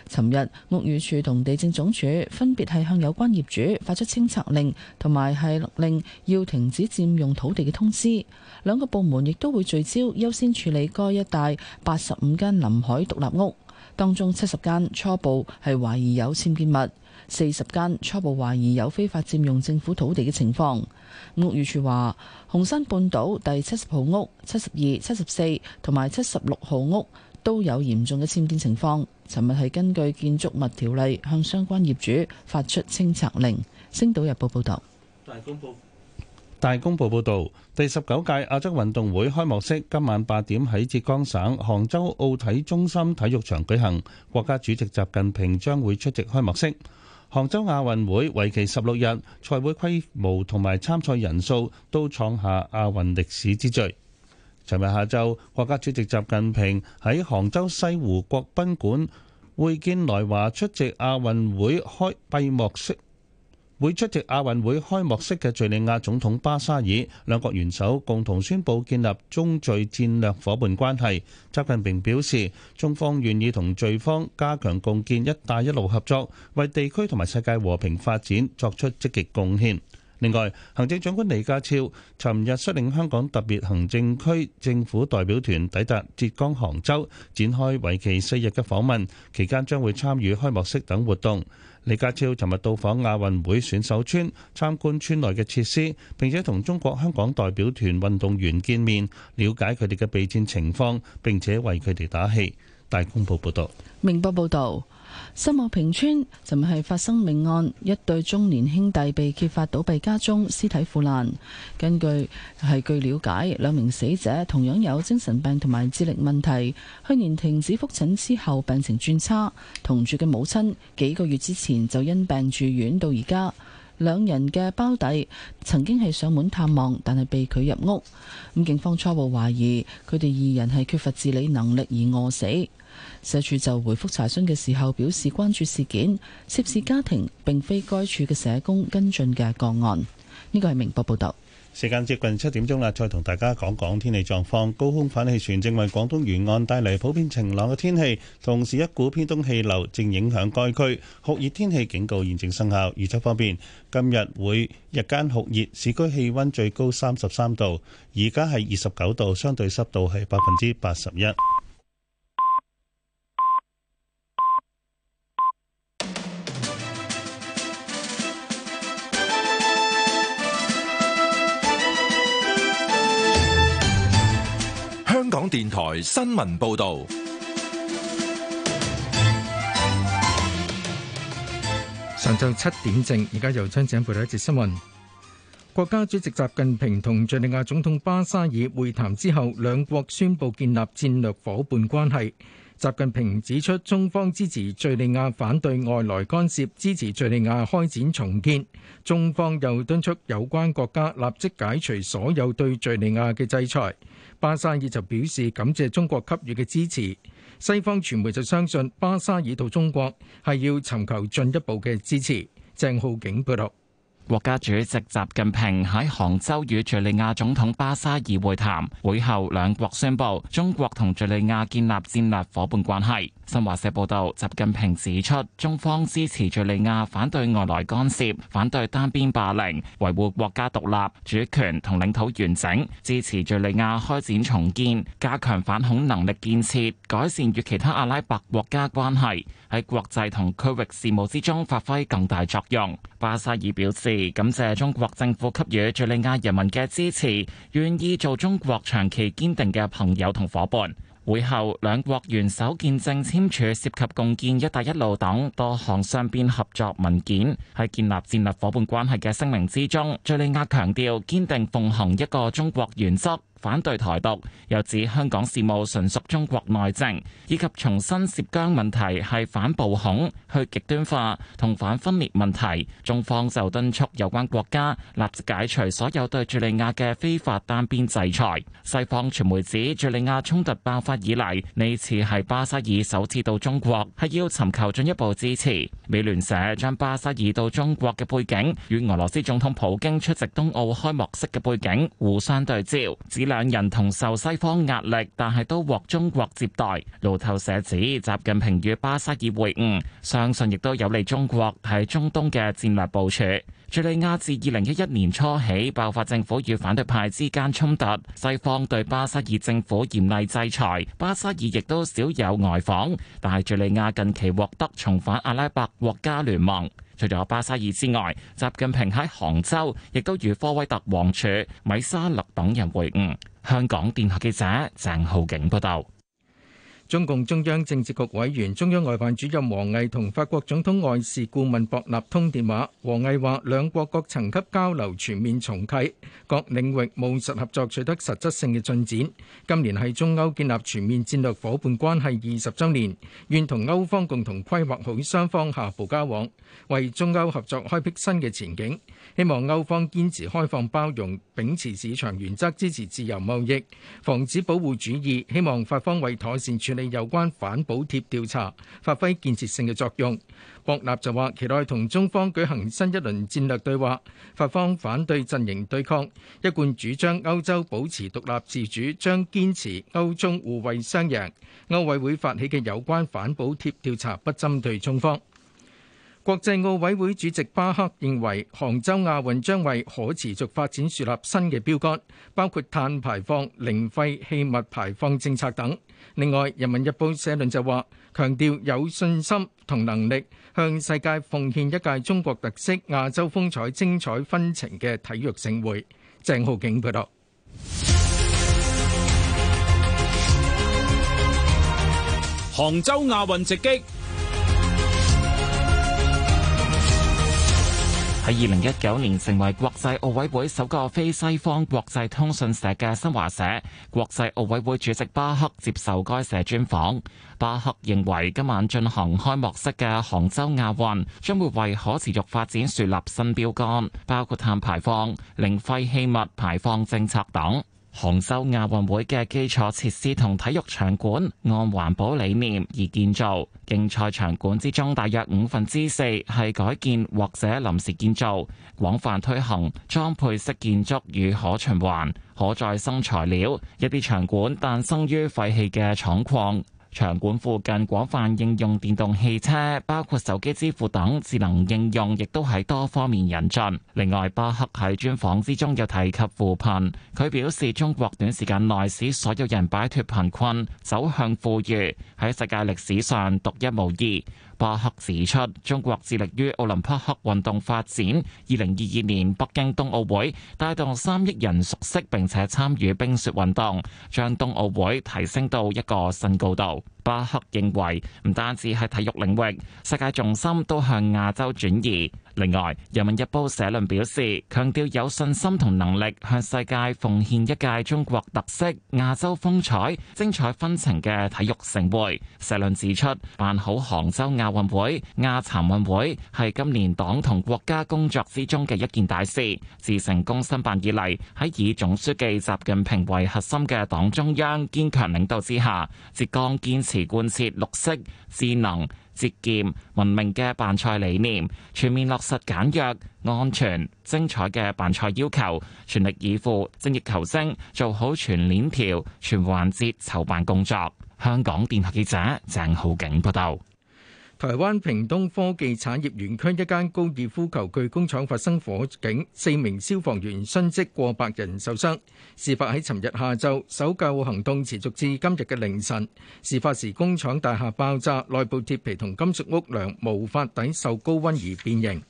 尋日，屋宇署同地政總署分別係向有關業主發出清拆令，同埋係令要停止佔用土地嘅通知。兩個部門亦都會聚焦優先處理該一帶八十五間臨海獨立屋，當中七十間初步係懷疑有僭建物。四十間初步懷疑有非法佔用政府土地嘅情況。屋宇署話，紅山半島第七十號屋、七十二、七十四同埋七十六號屋都有嚴重嘅僭建情況。尋日係根據建築物條例向相關業主發出清拆令。星島日報報道。大公報，大公報報道，第十九屆亞洲運動會開幕式今晚八點喺浙江省杭州奧體中心體育場舉行，國家主席習近平將會出席開幕式。杭州亞運會為期十六日，賽會規模同埋參賽人數都創下亞運歷史之最。尋日下晝，國家主席習近平喺杭州西湖國賓館會見來華出席亞運會開閉幕式會出席亞運會開幕式嘅敘利亞總統巴沙爾，兩國元首共同宣布建立中敘戰略夥伴關係。習近平表示，中方願意同敘方加強共建“一帶一路”合作，為地區同埋世界和平發展作出積極貢獻。另外，行政長官李家超尋日率領香港特別行政區政府代表團抵達浙江杭州，展開為期四日嘅訪問，期間將會參與開幕式等活動。李家超尋日到訪亞運會選手村，參觀村內嘅設施，並且同中國香港代表團運動員見面，了解佢哋嘅備戰情況，並且為佢哋打氣。大公報報道。明報報導。秀茂坪邨，就係發生命案，一對中年兄弟被揭發倒斃家中，屍體腐爛。根據係據了解，兩名死者同樣有精神病同埋智力問題，去年停止復診之後病情轉差。同住嘅母親幾個月之前就因病住院，到而家，兩人嘅胞弟曾經係上門探望，但係被拒入屋。咁警方初步懷疑佢哋二人係缺乏自理能力而餓死。社署就回覆查詢嘅時候表示關注事件，涉事家庭並非該處嘅社工跟進嘅個案。呢個係明報報道。時間接近七點鐘啦，再同大家講講天氣狀況。高空反氣旋正為廣東沿岸帶嚟普遍晴朗嘅天氣，同時一股偏東氣流正影響該區。酷熱天氣警告現正生效。預測方面，今日會日間酷熱，市區氣溫最高三十三度，而家係二十九度，相對濕度係百分之八十一。香港電台新聞報道：上晝七點正，而家由張子欣報道一節新聞。國家主席習近平同敘利亞總統巴沙爾會談之後，兩國宣布建立戰略夥伴關係。習近平指出，中方支持敘利亞反對外來干涉，支持敘利亞開展重建。中方又敦促有關國家立即解除所有對敘利亞嘅制裁。巴沙爾就表示感謝中國給予嘅支持，西方傳媒就相信巴沙爾到中國係要尋求進一步嘅支持。鄭浩景報道。國家主席習近平喺杭州與敘利亞總統巴沙爾會談，會後兩國宣布中國同敘利亞建立戰略伙伴關係。新華社報道，習近平指出，中方支持敘利亞反對外來干涉、反對單邊霸凌，維護國家獨立、主權同領土完整，支持敘利亞開展重建、加強反恐能力建設、改善與其他阿拉伯國家關係。喺國際同區域事務之中發揮更大作用。巴沙爾表示感謝中國政府給予敍利亞人民嘅支持，願意做中國長期堅定嘅朋友同伙伴。會後兩國元首見證簽署涉及共建「一帶一路」等多項雙邊合作文件。喺建立戰略伙伴關係嘅聲明之中，敍利亞強調堅定奉行一個中國原則。反對台獨，又指香港事務純屬中國內政，以及重新涉疆問題係反暴恐、去極端化同反分裂問題。中方就敦促有關國家立即解除所有對敍利亞嘅非法單邊制裁。西方傳媒指，敍利亞衝突爆發以嚟，呢次係巴沙爾首次到中國，係要尋求進一步支持。美聯社將巴沙爾到中國嘅背景與俄羅斯總統普京出席東奧開幕式嘅背景互相對照。兩人同受西方壓力，但係都獲中國接待。路透社指習近平與巴沙爾會晤，相信亦都有利中國喺中東嘅戰略部署。敘利亞自二零一一年初起爆發政府與反對派之間衝突，西方對巴沙爾政府嚴厲制裁，巴沙爾亦都少有外訪，但係叙利亞近期獲得重返阿拉伯國家聯盟。除咗巴沙爾之外，習近平喺杭州亦都與科威特王儲米沙勒等人會晤。香港電台記者鄭浩景報道。中共中央政治局委員、中央外辦主任王毅同法國總統外事顧問博納通電話。王毅話：兩國各層級交流全面重啟，各領域務實合作取得實質性嘅進展。今年係中歐建立全面戰略伙伴關係二十週年，願同歐方共同規劃好雙方下步交往，為中歐合作開闢新嘅前景。希望歐方堅持開放包容，秉持市場原則，支持自由貿易，防止保護主義。希望法方為妥善處理有關反補貼調查，發揮建設性嘅作用。博納就話：期待同中方舉行新一輪戰略對話。法方反對陣營對抗，一貫主張歐洲保持獨立自主，將堅持歐中互惠雙贏。歐委會發起嘅有關反補貼調查，不針對中方。國際奧委會主席巴克認為，杭州亞運將為可持續發展樹立新嘅標杆，包括碳排放、零廢棄物排放政策等。另外，《人民日報》社論就話，強調有信心同能力向世界奉獻一屆中國特色、亞洲風采、精彩紛呈嘅體育盛會。鄭浩景報道。杭州亞運直擊。喺二零一九年成為國際奧委會首個非西方國際通訊社嘅新華社，國際奧委會主席巴克接受該社專訪。巴克認為今晚進行開幕式嘅杭州亞運，將會為可持續發展樹立新標杆，包括碳排放、零廢棄物排放政策等。杭州亞運會嘅基礎設施同體育場館按環保理念而建造，競賽場館之中大約五分之四係改建或者臨時建造，廣泛推行裝配式建築與可循環可再生材料，一啲場館誕生於廢棄嘅廠礦。場館附近廣泛應用電動汽車，包括手機支付等智能應用，亦都喺多方面引進。另外，巴克喺專訪之中又提及扶貧，佢表示中國短時間內使所有人擺脱貧困，走向富裕，喺世界歷史上獨一無二。巴克指出，中國致力於奧林匹克運動發展。二零二二年北京冬奧會帶動三億人熟悉並且參與冰雪運動，將冬奧會提升到一個新高度。巴克認為唔單止係體育領域，世界重心都向亞洲轉移。另外，《人民日報》社論表示，強調有信心同能力向世界奉獻一屆中國特色、亞洲風采、精彩紛呈嘅體育盛會。社論指出，辦好杭州亞運會、亞殘運會係今年黨同國家工作之中嘅一件大事。自成功申辦以嚟，喺以總書記習近平為核心嘅黨中央堅強領導之下，浙江堅持持貫徹綠色、智能、節儉、文明嘅辦賽理念，全面落實簡約、安全、精彩嘅辦賽要求，全力以赴、精益求精，做好全鏈條、全環節籌辦工作。香港電台記者鄭浩景報道。台灣屏東科技產業園區一間高爾夫球具工廠發生火警，四名消防員殉職，過百人受傷。事發喺尋日下晝，搜救行動持續至今日嘅凌晨。事發時工廠大廈爆炸，內部鐵皮同金屬屋樑無法抵受高溫而變形。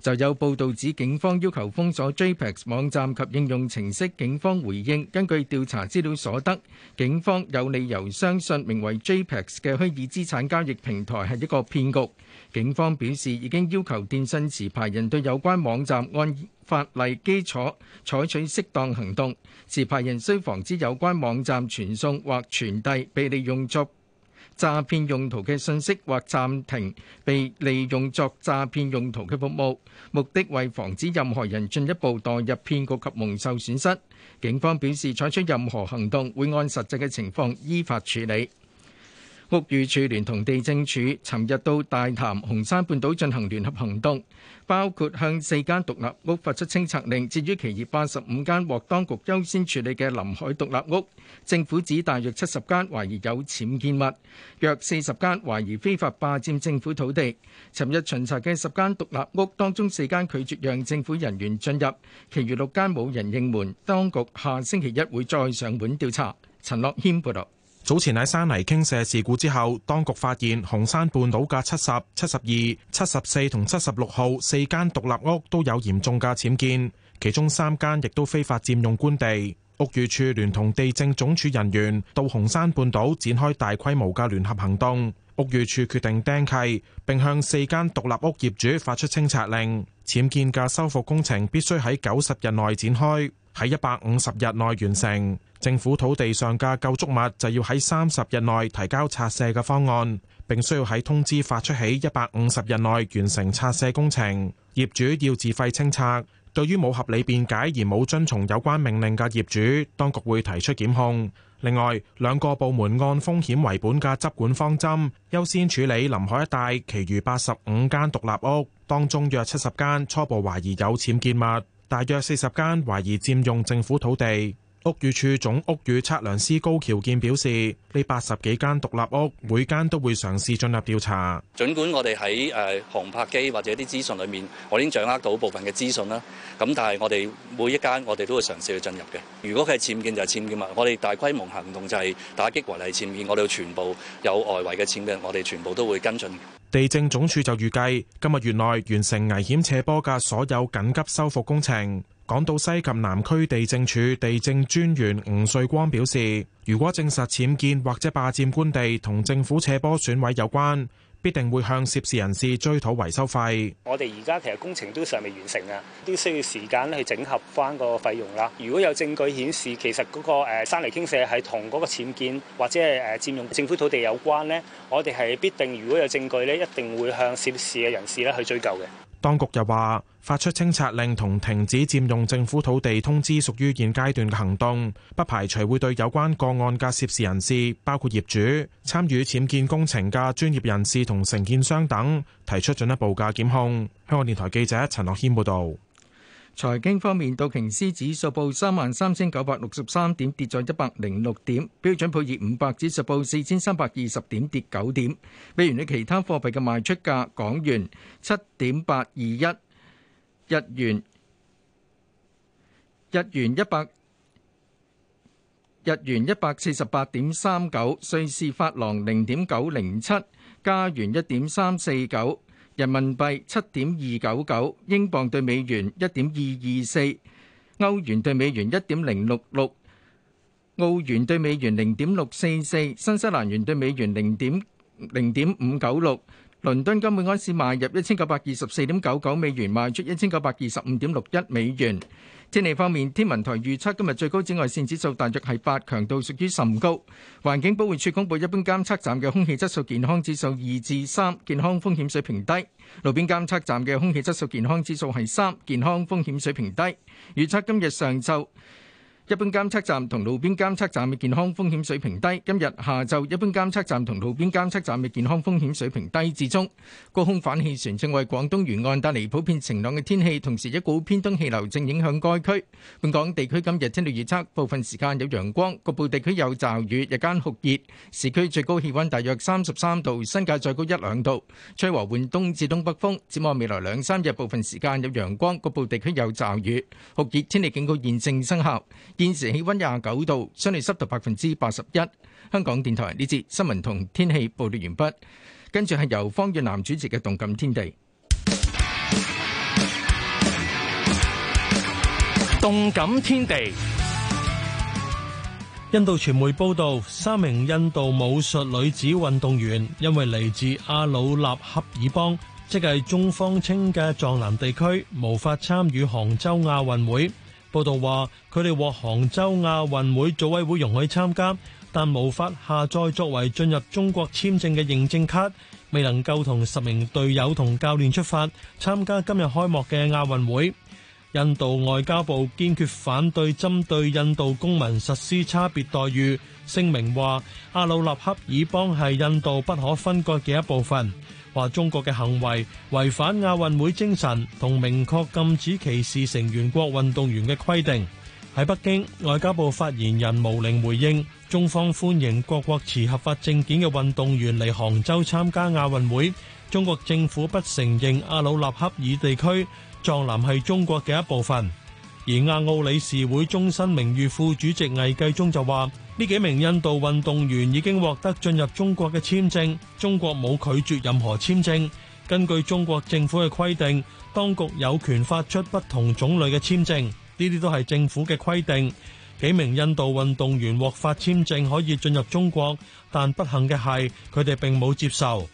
就有報道指警方要求封鎖 JPEX 網站及應用程式。警方回應，根據調查資料所得，警方有理由相信名為 JPEX 嘅虛擬資產交易平台係一個騙局。警方表示已經要求電信持牌人對有關網站按法例基礎採取適當行動，持牌人需防止有關網站傳送或傳遞被利用作詐騙用途嘅信息，或暫停被利用作詐騙用途嘅服務，目的為防止任何人進一步墮入騙局及蒙受損失。警方表示，採取任何行動會按實際嘅情況依法處理。屋宇署聯同地政署尋日到大潭、紅山半島進行聯合行動，包括向四間獨立屋發出清拆令，至於其餘八十五間獲當局優先處理嘅臨海獨立屋，政府指大約七十間懷疑有僭建物，約四十間懷疑非法霸佔政府土地。尋日巡查嘅十間獨立屋當中四間拒絕讓政府人員進入，其餘六間冇人應門，當局下星期一會再上門調查。陳樂軒報道。早前喺山泥傾瀉事故之後，當局發現紅山半島嘅七十、七十二、七十四同七十六號四間獨立屋都有嚴重嘅僭建，其中三間亦都非法佔用官地。屋宇署聯同地政總署人員到紅山半島展開大規模嘅聯合行動。屋宇署決定釘契，並向四間獨立屋業主發出清拆令。僭建嘅修復工程必須喺九十日內展開。喺一百五十日內完成，政府土地上嘅構築物就要喺三十日內提交拆卸嘅方案，並需要喺通知發出起一百五十日內完成拆卸工程。業主要自費清拆，對於冇合理辯解而冇遵從有關命令嘅業主，當局會提出檢控。另外，兩個部門按風險為本嘅執管方針，優先處理臨海一帶其餘八十五間獨立屋，當中約七十間初步懷疑有僭建物。大約四十間懷疑佔用政府土地，屋宇署總屋宇測量師高橋健表示：呢八十幾間獨立屋，每間都會嘗試進入調查。儘管我哋喺誒航拍機或者啲資訊裏面，我已經掌握到部分嘅資訊啦。咁但係我哋每一間，我哋都會嘗試去進入嘅。如果佢係僭建就係僭建嘛。我哋大規模行動就係打擊違例僭建，我哋全部有外圍嘅僭建，我哋全部都會跟進。地政總署就預計今日月內完成危險斜坡嘅所有緊急修復工程。港島西及南區地政處地政專員吳瑞光表示，如果證實僭建或者霸佔官地同政府斜坡損毀有關，必定會向涉事人士追討維修費。我哋而家其實工程都尚未完成啊，都需要時間咧去整合翻個費用啦。如果有證據顯示，其實嗰個誒山泥傾瀉係同嗰個僭建或者係誒佔用政府土地有關咧，我哋係必定如果有證據咧，一定會向涉事嘅人士咧去追究嘅。當局又話，發出清拆令同停止佔用政府土地通知屬於現階段嘅行動，不排除會對有關個案嘅涉事人士，包括業主、參與僭建工程嘅專業人士同承建商等，提出進一步嘅檢控。香港電台記者陳樂軒報道。財經方面，道瓊斯指數報三萬三千九百六十三點，跌咗一百零六點；標準普爾五百指數報四千三百二十點，跌九點。美元兌其他貨幣嘅賣出價：港元七點八二一，日元一百，日元一百日元一百四十八點三九，瑞士法郎零點九零七，加元一點三四九。人民幣七點二九九，英鎊對美元一點二二四，歐元對美元一點零六六，澳元對美元零點六四四，新西蘭元對美元零點零點五九六。倫敦金每盎司賣入一千九百二十四點九九美元，賣出一千九百二十五點六一美元。天氣方面，天文台預測今日最高紫外線指數大約係八，強度屬於甚高。環境保護署公布一般監測站嘅空氣質素健康指數二至三，健康風險水平低；路邊監測站嘅空氣質素健康指數係三，健康風險水平低。預測今日上晝。一般監測站同路邊監測站嘅健康風險水平低。今日下晝，一般監測站同路邊監測站嘅健康風險水平低至中。高空反氣旋正為廣東沿岸帶嚟普遍晴朗嘅天氣，同時一股偏東氣流正影響該區。本港地區今日天氣預測，部分時間有陽光，局部地區有驟雨，日間酷熱，市區最高氣温大約三十三度，新界再高一兩度，吹和緩東至東北風。展望未來兩三日，部分時間有陽光，局部地區有驟雨，酷熱天氣警告現正生效。現時氣溫廿九度，相對濕度百分之八十一。香港電台呢節新聞同天氣報告完畢，跟住係由方遠南主持嘅《動感天地》。動感天地。印度傳媒報道，三名印度武術女子運動員因為嚟自阿魯納恰爾邦，即係中方稱嘅藏南地區，無法參與杭州亞運會。報道話，佢哋獲杭州亞運會組委會容許參加，但無法下載作為進入中國簽證嘅認證卡，未能夠同十名隊友同教練出發參加今日開幕嘅亞運會。印度外交部堅決反對針對印度公民實施差別待遇，聲明話：阿魯納恰爾邦係印度不可分割嘅一部分。話中國嘅行為違反亞運會精神同明確禁止歧視成員國運動員嘅規定。喺北京，外交部發言人毛寧回應：中方歡迎各國持合法證件嘅運動員嚟杭州參加亞運會。中國政府不承認阿魯納恰爾地區藏南係中國嘅一部分。而亞奧理事會終身名譽副主席魏紀中就話：呢幾名印度運動員已經獲得進入中國嘅簽證，中國冇拒絕任何簽證。根據中國政府嘅規定，當局有權發出不同種類嘅簽證，呢啲都係政府嘅規定。幾名印度運動員獲發簽證可以進入中國，但不幸嘅係佢哋並冇接受。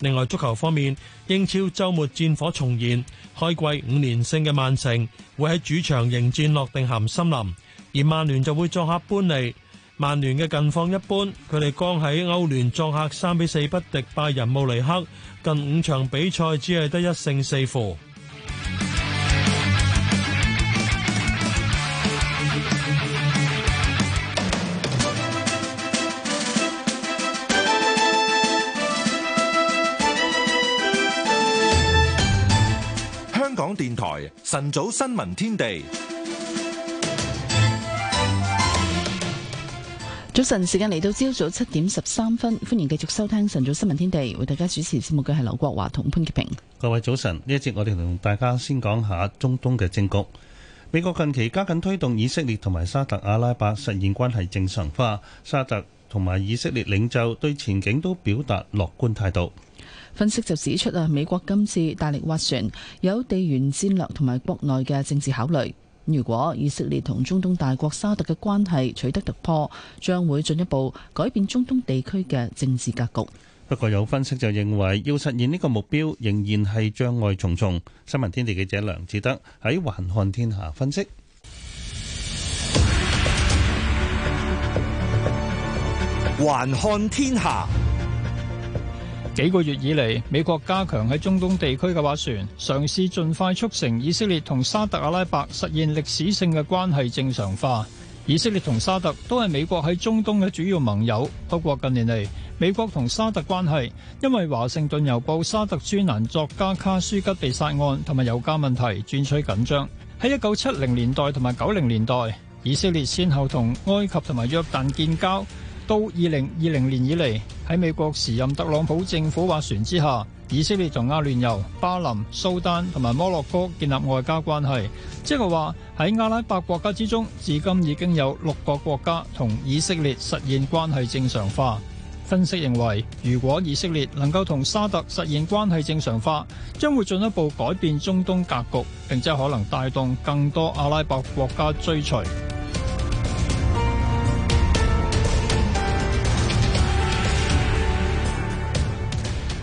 另外足球方面，英超周末戰火重燃，開季五連勝嘅曼城會喺主場迎戰諾定咸森林，而曼聯就會作客般尼。曼聯嘅近況一般，佢哋剛喺歐聯作客三比四不敵拜仁慕尼黑，近五場比賽只係得一勝四負。電台晨早新聞天地，早晨時間嚟到朝早七點十三分，歡迎繼續收聽晨早新聞天地，為大家主持節目嘅係劉國華同潘潔平。各位早晨，呢一節我哋同大家先講下中東嘅政局。美國近期加緊推動以色列同埋沙特阿拉伯實現關係正常化，沙特同埋以色列領袖對前景都表達樂觀態度。分析就指出啊，美國今次大力斡旋，有地緣戰略同埋國內嘅政治考慮。如果以色列同中東大國沙特嘅關係取得突破，將會進一步改變中東地區嘅政治格局。不過有分析就認為，要實現呢個目標仍然係障礙重重。新聞天地記者梁志德喺《環看天下》分析，《環看天下》。幾個月以嚟，美國加強喺中東地區嘅斡旋，嘗試盡快促成以色列同沙特阿拉伯實現歷史性嘅關係正常化。以色列同沙特都係美國喺中東嘅主要盟友。不過近年嚟，美國同沙特關係因為華盛頓郵報沙特專欄作家卡舒吉被殺案同埋油價問題轉趨緊張。喺一九七零年代同埋九零年代，以色列先後同埃及同埋約旦建交。到二零二零年以嚟，喺美國時任特朗普政府劃船之下，以色列同阿聯酋、巴林、蘇丹同埋摩洛哥建立外交關係。即係話，喺阿拉伯國家之中，至今已經有六個國家同以色列實現關係正常化。分析認為，如果以色列能夠同沙特實現關係正常化，將會進一步改變中東格局，並且可能帶動更多阿拉伯國家追隨。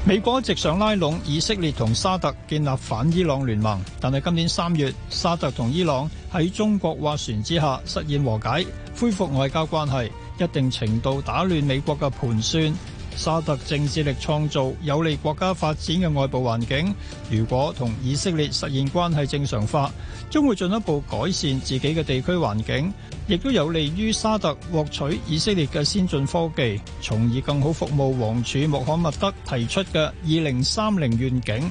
美國一直想拉攏以色列同沙特建立反伊朗聯盟，但係今年三月，沙特同伊朗喺中國斡旋之下實現和解，恢復外交關係，一定程度打亂美國嘅盤算。沙特正致力創造有利國家發展嘅外部環境。如果同以色列實現關係正常化，將會進一步改善自己嘅地區環境，亦都有利於沙特獲取以色列嘅先進科技，從而更好服務王儲穆罕默德提出嘅二零三零願景。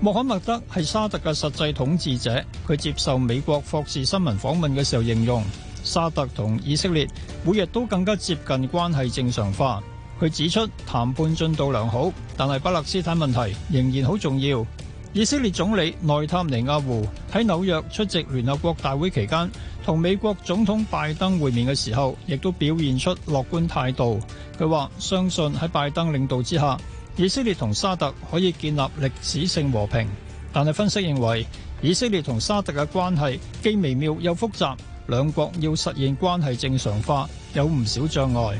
穆罕默德係沙特嘅實際統治者，佢接受美國霍士新聞訪問嘅時候形容，沙特同以色列每日都更加接近關係正常化。佢指出談判進度良好，但係巴勒斯坦問題仍然好重要。以色列總理內塔尼亞胡喺紐約出席聯合國大會期間，同美國總統拜登會面嘅時候，亦都表現出樂觀態度。佢話相信喺拜登領導之下，以色列同沙特可以建立歷史性和平。但係分析認為，以色列同沙特嘅關係既微妙又複雜，兩國要實現關係正常化有唔少障礙。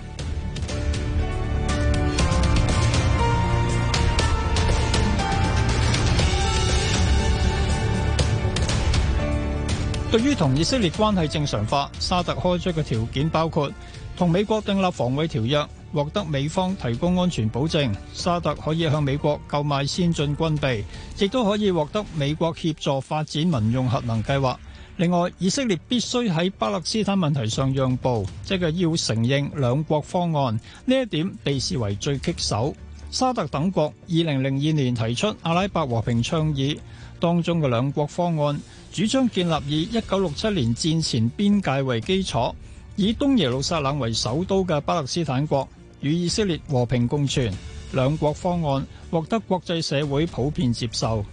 對於同以色列關係正常化，沙特開出嘅條件包括同美國訂立防衛條約，獲得美方提供安全保證；沙特可以向美國購買先進軍備，亦都可以獲得美國協助發展民用核能計劃。另外，以色列必須喺巴勒斯坦問題上讓步，即係要承認兩國方案。呢一點被視為最棘手。沙特等國二零零二年提出阿拉伯和平倡議，當中嘅兩國方案。主張建立以一九六七年戰前邊界為基礎、以東耶路撒冷為首都嘅巴勒斯坦國，與以色列和平共存，兩國方案獲得國際社會普遍接受。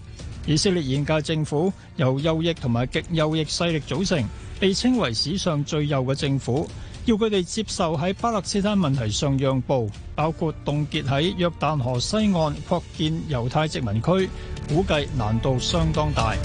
以色列現屆政府由右翼同埋極右翼勢力組成，被稱為史上最右嘅政府。要佢哋接受喺巴勒斯坦問題上讓步，包括凍結喺約旦河西岸擴建猶太殖民區，估計難度相當大。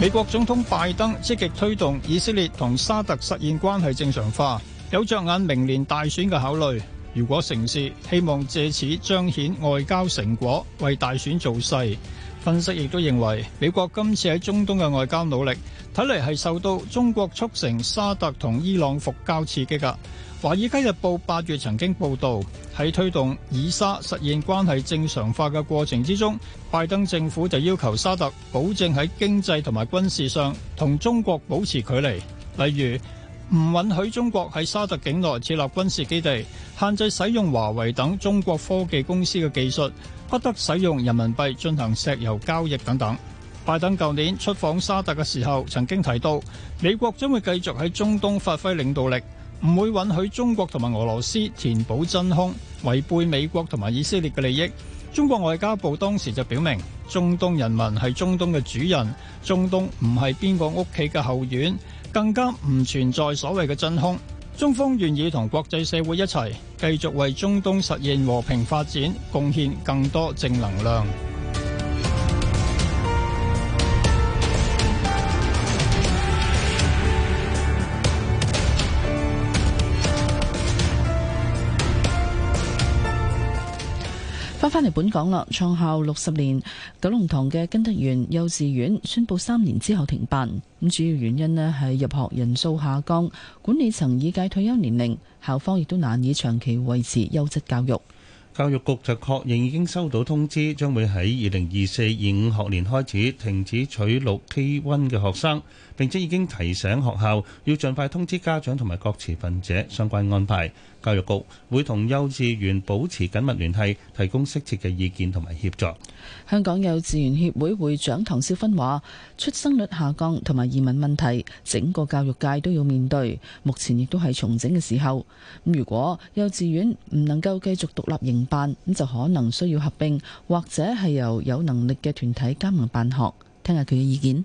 美國總統拜登積極推動以色列同沙特實現關係正常化，有着眼明年大選嘅考慮。如果成事，希望借此彰顯外交成果，為大選造勢。分析亦都認為，美國今次喺中東嘅外交努力，睇嚟係受到中國促成沙特同伊朗復交刺激㗎。《華爾街日報》八月曾經報道，喺推動以沙實現關係正常化嘅過程之中，拜登政府就要求沙特保證喺經濟同埋軍事上同中國保持距離，例如唔允許中國喺沙特境內設立軍事基地，限制使用華為等中國科技公司嘅技術。不得使用人民幣進行石油交易等等。拜登舊年出訪沙特嘅時候，曾經提到美國將會繼續喺中東發揮領導力，唔會允許中國同埋俄羅斯填補真空，違背美國同埋以色列嘅利益。中國外交部當時就表明，中東人民係中東嘅主人，中東唔係邊個屋企嘅後院，更加唔存在所謂嘅真空。中方願意同國際社會一齊，繼續為中東實現和平發展貢獻更多正能量。翻嚟本港啦，創校六十年九龍塘嘅根德園幼稚園宣布三年之後停辦，咁主要原因咧係入學人數下降，管理層已屆退休年齡，校方亦都難以長期維持優質教育。教育局就確認已經收到通知，將會喺二零二四、二五學年開始停止取錄 K1 嘅學生，並且已經提醒學校要盡快通知家長同埋各持份者相關安排。教育局會同幼稚園保持緊密聯繫，提供適切嘅意見同埋協助。香港幼稚園協會會長唐少芬話，出生率下降同埋移民問題，整個教育界都要面對。目前亦都係重整嘅時候。咁如果幼稚園唔能夠繼續獨立營辦，咁就可能需要合併，或者係由有能力嘅團體加盟辦學。聽下佢嘅意見。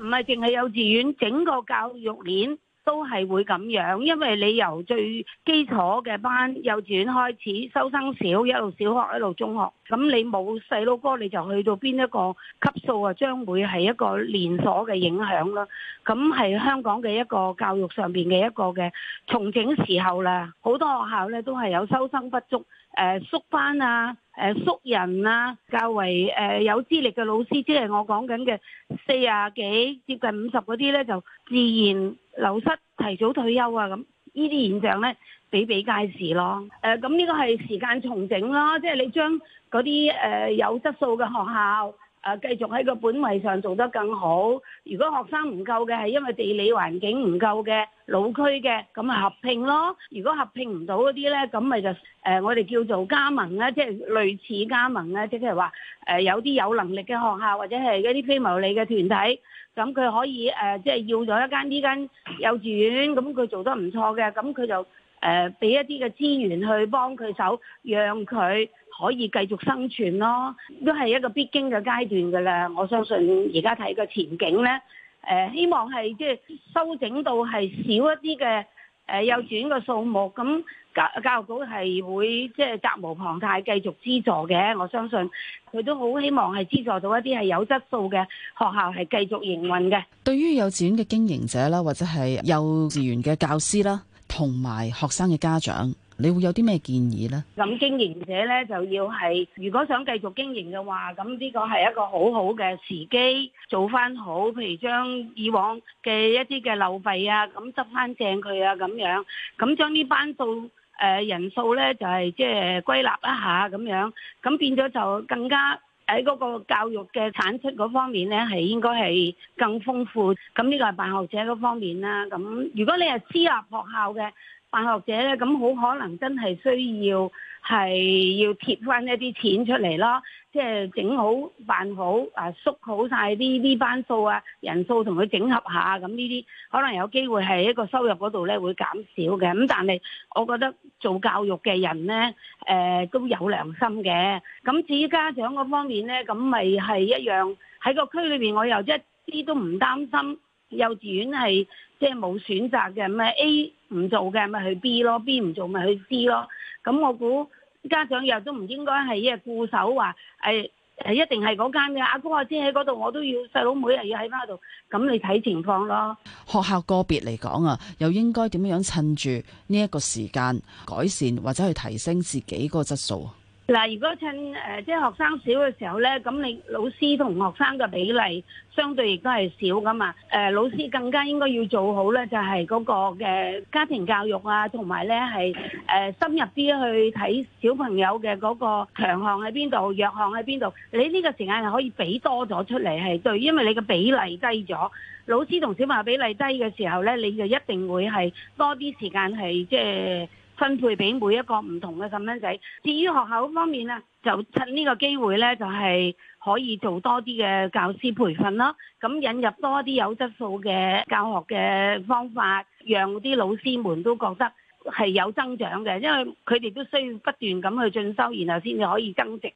唔係淨係幼稚園，整個教育鏈。都係會咁樣，因為你由最基礎嘅班幼稚園開始收生少，一路小學一路中學，咁你冇細佬哥，你就去到邊一個級數啊？將會係一個連鎖嘅影響啦。咁係香港嘅一個教育上邊嘅一個嘅重整時候啦。好多學校呢，都係有收生不足，誒、呃、縮班啊，誒、呃、縮人啊，較為誒有資歷嘅老師，即係我講緊嘅四呀幾接近五十嗰啲呢，就自然。流失提早退休啊，咁呢啲現象咧比比皆是咯。誒、呃，咁、這、呢個係時間重整咯，即係你將嗰啲誒有質素嘅學校。啊！繼續喺個本位上做得更好。如果學生唔夠嘅，係因為地理環境唔夠嘅老區嘅，咁咪合併咯。如果合併唔到嗰啲呢，咁咪就誒、呃、我哋叫做加盟啦，即、就、係、是、類似加盟啦，即係話誒有啲有能力嘅學校或者係一啲非牟利嘅團體，咁佢可以誒即係要咗一間呢間幼稚園，咁佢做得唔錯嘅，咁佢就誒俾、呃、一啲嘅資源去幫佢手，讓佢可以繼續生存咯，都係一個必經嘅階段㗎喇。我相信而家睇個前景咧，誒、呃、希望係即係修整到係少一啲嘅誒幼稚園嘅數目。咁教教育局係會即係責無旁貸繼續資助嘅。我相信佢都好希望係資助到一啲係有質素嘅學校係繼續營運嘅。對於幼稚園嘅經營者啦，或者係幼稚園嘅教師啦，同埋學生嘅家長。你會有啲咩建議咧？咁經營者咧就要係，如果想繼續經營嘅話，咁呢個係一個好好嘅時機，做翻好，譬如將以往嘅一啲嘅漏費啊，咁執翻正佢啊，咁樣，咁將呢班數誒人數咧，就係即係歸納一下咁樣，咁變咗就更加喺嗰個教育嘅產出嗰方面咧，係應該係更豐富。咁呢個係辦學者嗰方面啦。咁如果你係私立學校嘅。辦學者咧，咁好可能真係需要係要貼翻一啲錢出嚟咯，即係整好辦好啊，縮好晒啲呢班數啊，人數同佢整合下，咁呢啲可能有機會係一個收入嗰度咧會減少嘅。咁但係，我覺得做教育嘅人咧，誒、呃、都有良心嘅。咁至於家長嗰方面咧，咁咪係一樣喺個區裏邊，我又一啲都唔擔心幼稚園係。即係冇選擇嘅，咪 A 唔做嘅咪去 B 咯，B 唔做咪去 C 咯。咁我估家長又都唔應該係一個固守話，誒誒一定係嗰間嘅。阿哥阿姐喺嗰度，我都要細佬妹又要喺翻度，咁你睇情況咯。學校個別嚟講啊，又應該點樣趁住呢一個時間改善或者去提升自己個質素？嗱，如果趁誒即係學生少嘅時候咧，咁你老師同學生嘅比例，相對亦都係少噶嘛。誒、呃，老師更加應該要做好咧，就係、是、嗰個、嘅家庭教育啊，同埋咧係誒深入啲去睇小朋友嘅嗰個強項喺邊度，弱項喺邊度。你呢個時間係可以俾多咗出嚟，係對，因為你嘅比例低咗，老師同小朋友比例低嘅時候咧，你就一定會係多啲時間係即係。呃分配俾每一個唔同嘅細蚊仔。至於學校方面咧，就趁呢個機會咧，就係、是、可以做多啲嘅教師培訓咯。咁、嗯、引入多啲有質素嘅教學嘅方法，讓啲老師們都覺得係有增長嘅，因為佢哋都需要不斷咁去進修，然後先至可以增值。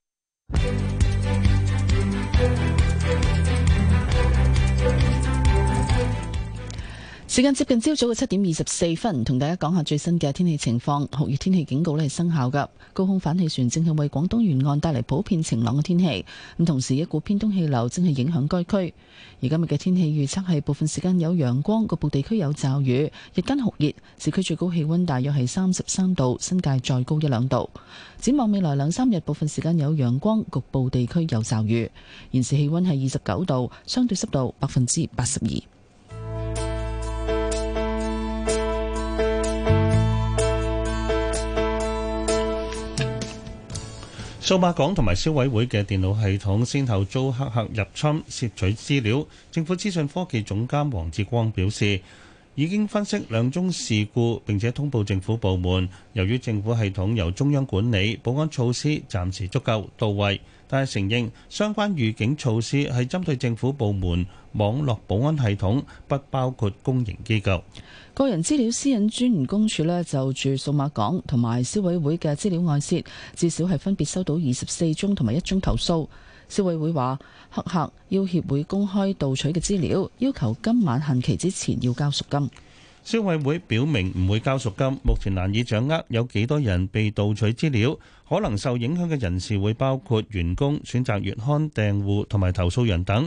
時間接近朝早嘅七點二十四分，同大家講下最新嘅天氣情況。酷熱天氣警告呢係生效噶，高空反氣旋正係為廣東沿岸帶嚟普遍晴朗嘅天氣。咁同時，一股偏東氣流正係影響該區。而今日嘅天氣預測係部分時間有陽光，局部地區有驟雨，日間酷熱，市區最高氣溫大約係三十三度，新界再高一兩度。展望未來兩三日，部分時間有陽光，局部地區有驟雨。現時氣溫係二十九度，相對濕度百分之八十二。數碼港同埋消委會嘅電腦系統先後遭黑客入侵竊取資料，政府資訊科技總監黃志光表示已經分析兩宗事故，並且通報政府部門。由於政府系統由中央管理，保安措施暫時足夠到位，但係承認相關預警措施係針對政府部門網絡保安系統不包括公營機構。個人資料私隱專員公署咧就住數碼港同埋消委會嘅資料外泄，至少係分別收到二十四宗同埋一宗投訴。消委會話黑客，客要協會公開盜取嘅資料，要求今晚限期之前要交贖金。消委會表明唔會交贖金，目前難以掌握有幾多人被盜取資料，可能受影響嘅人士會包括員工、選擇月刊訂戶同埋投訴人等。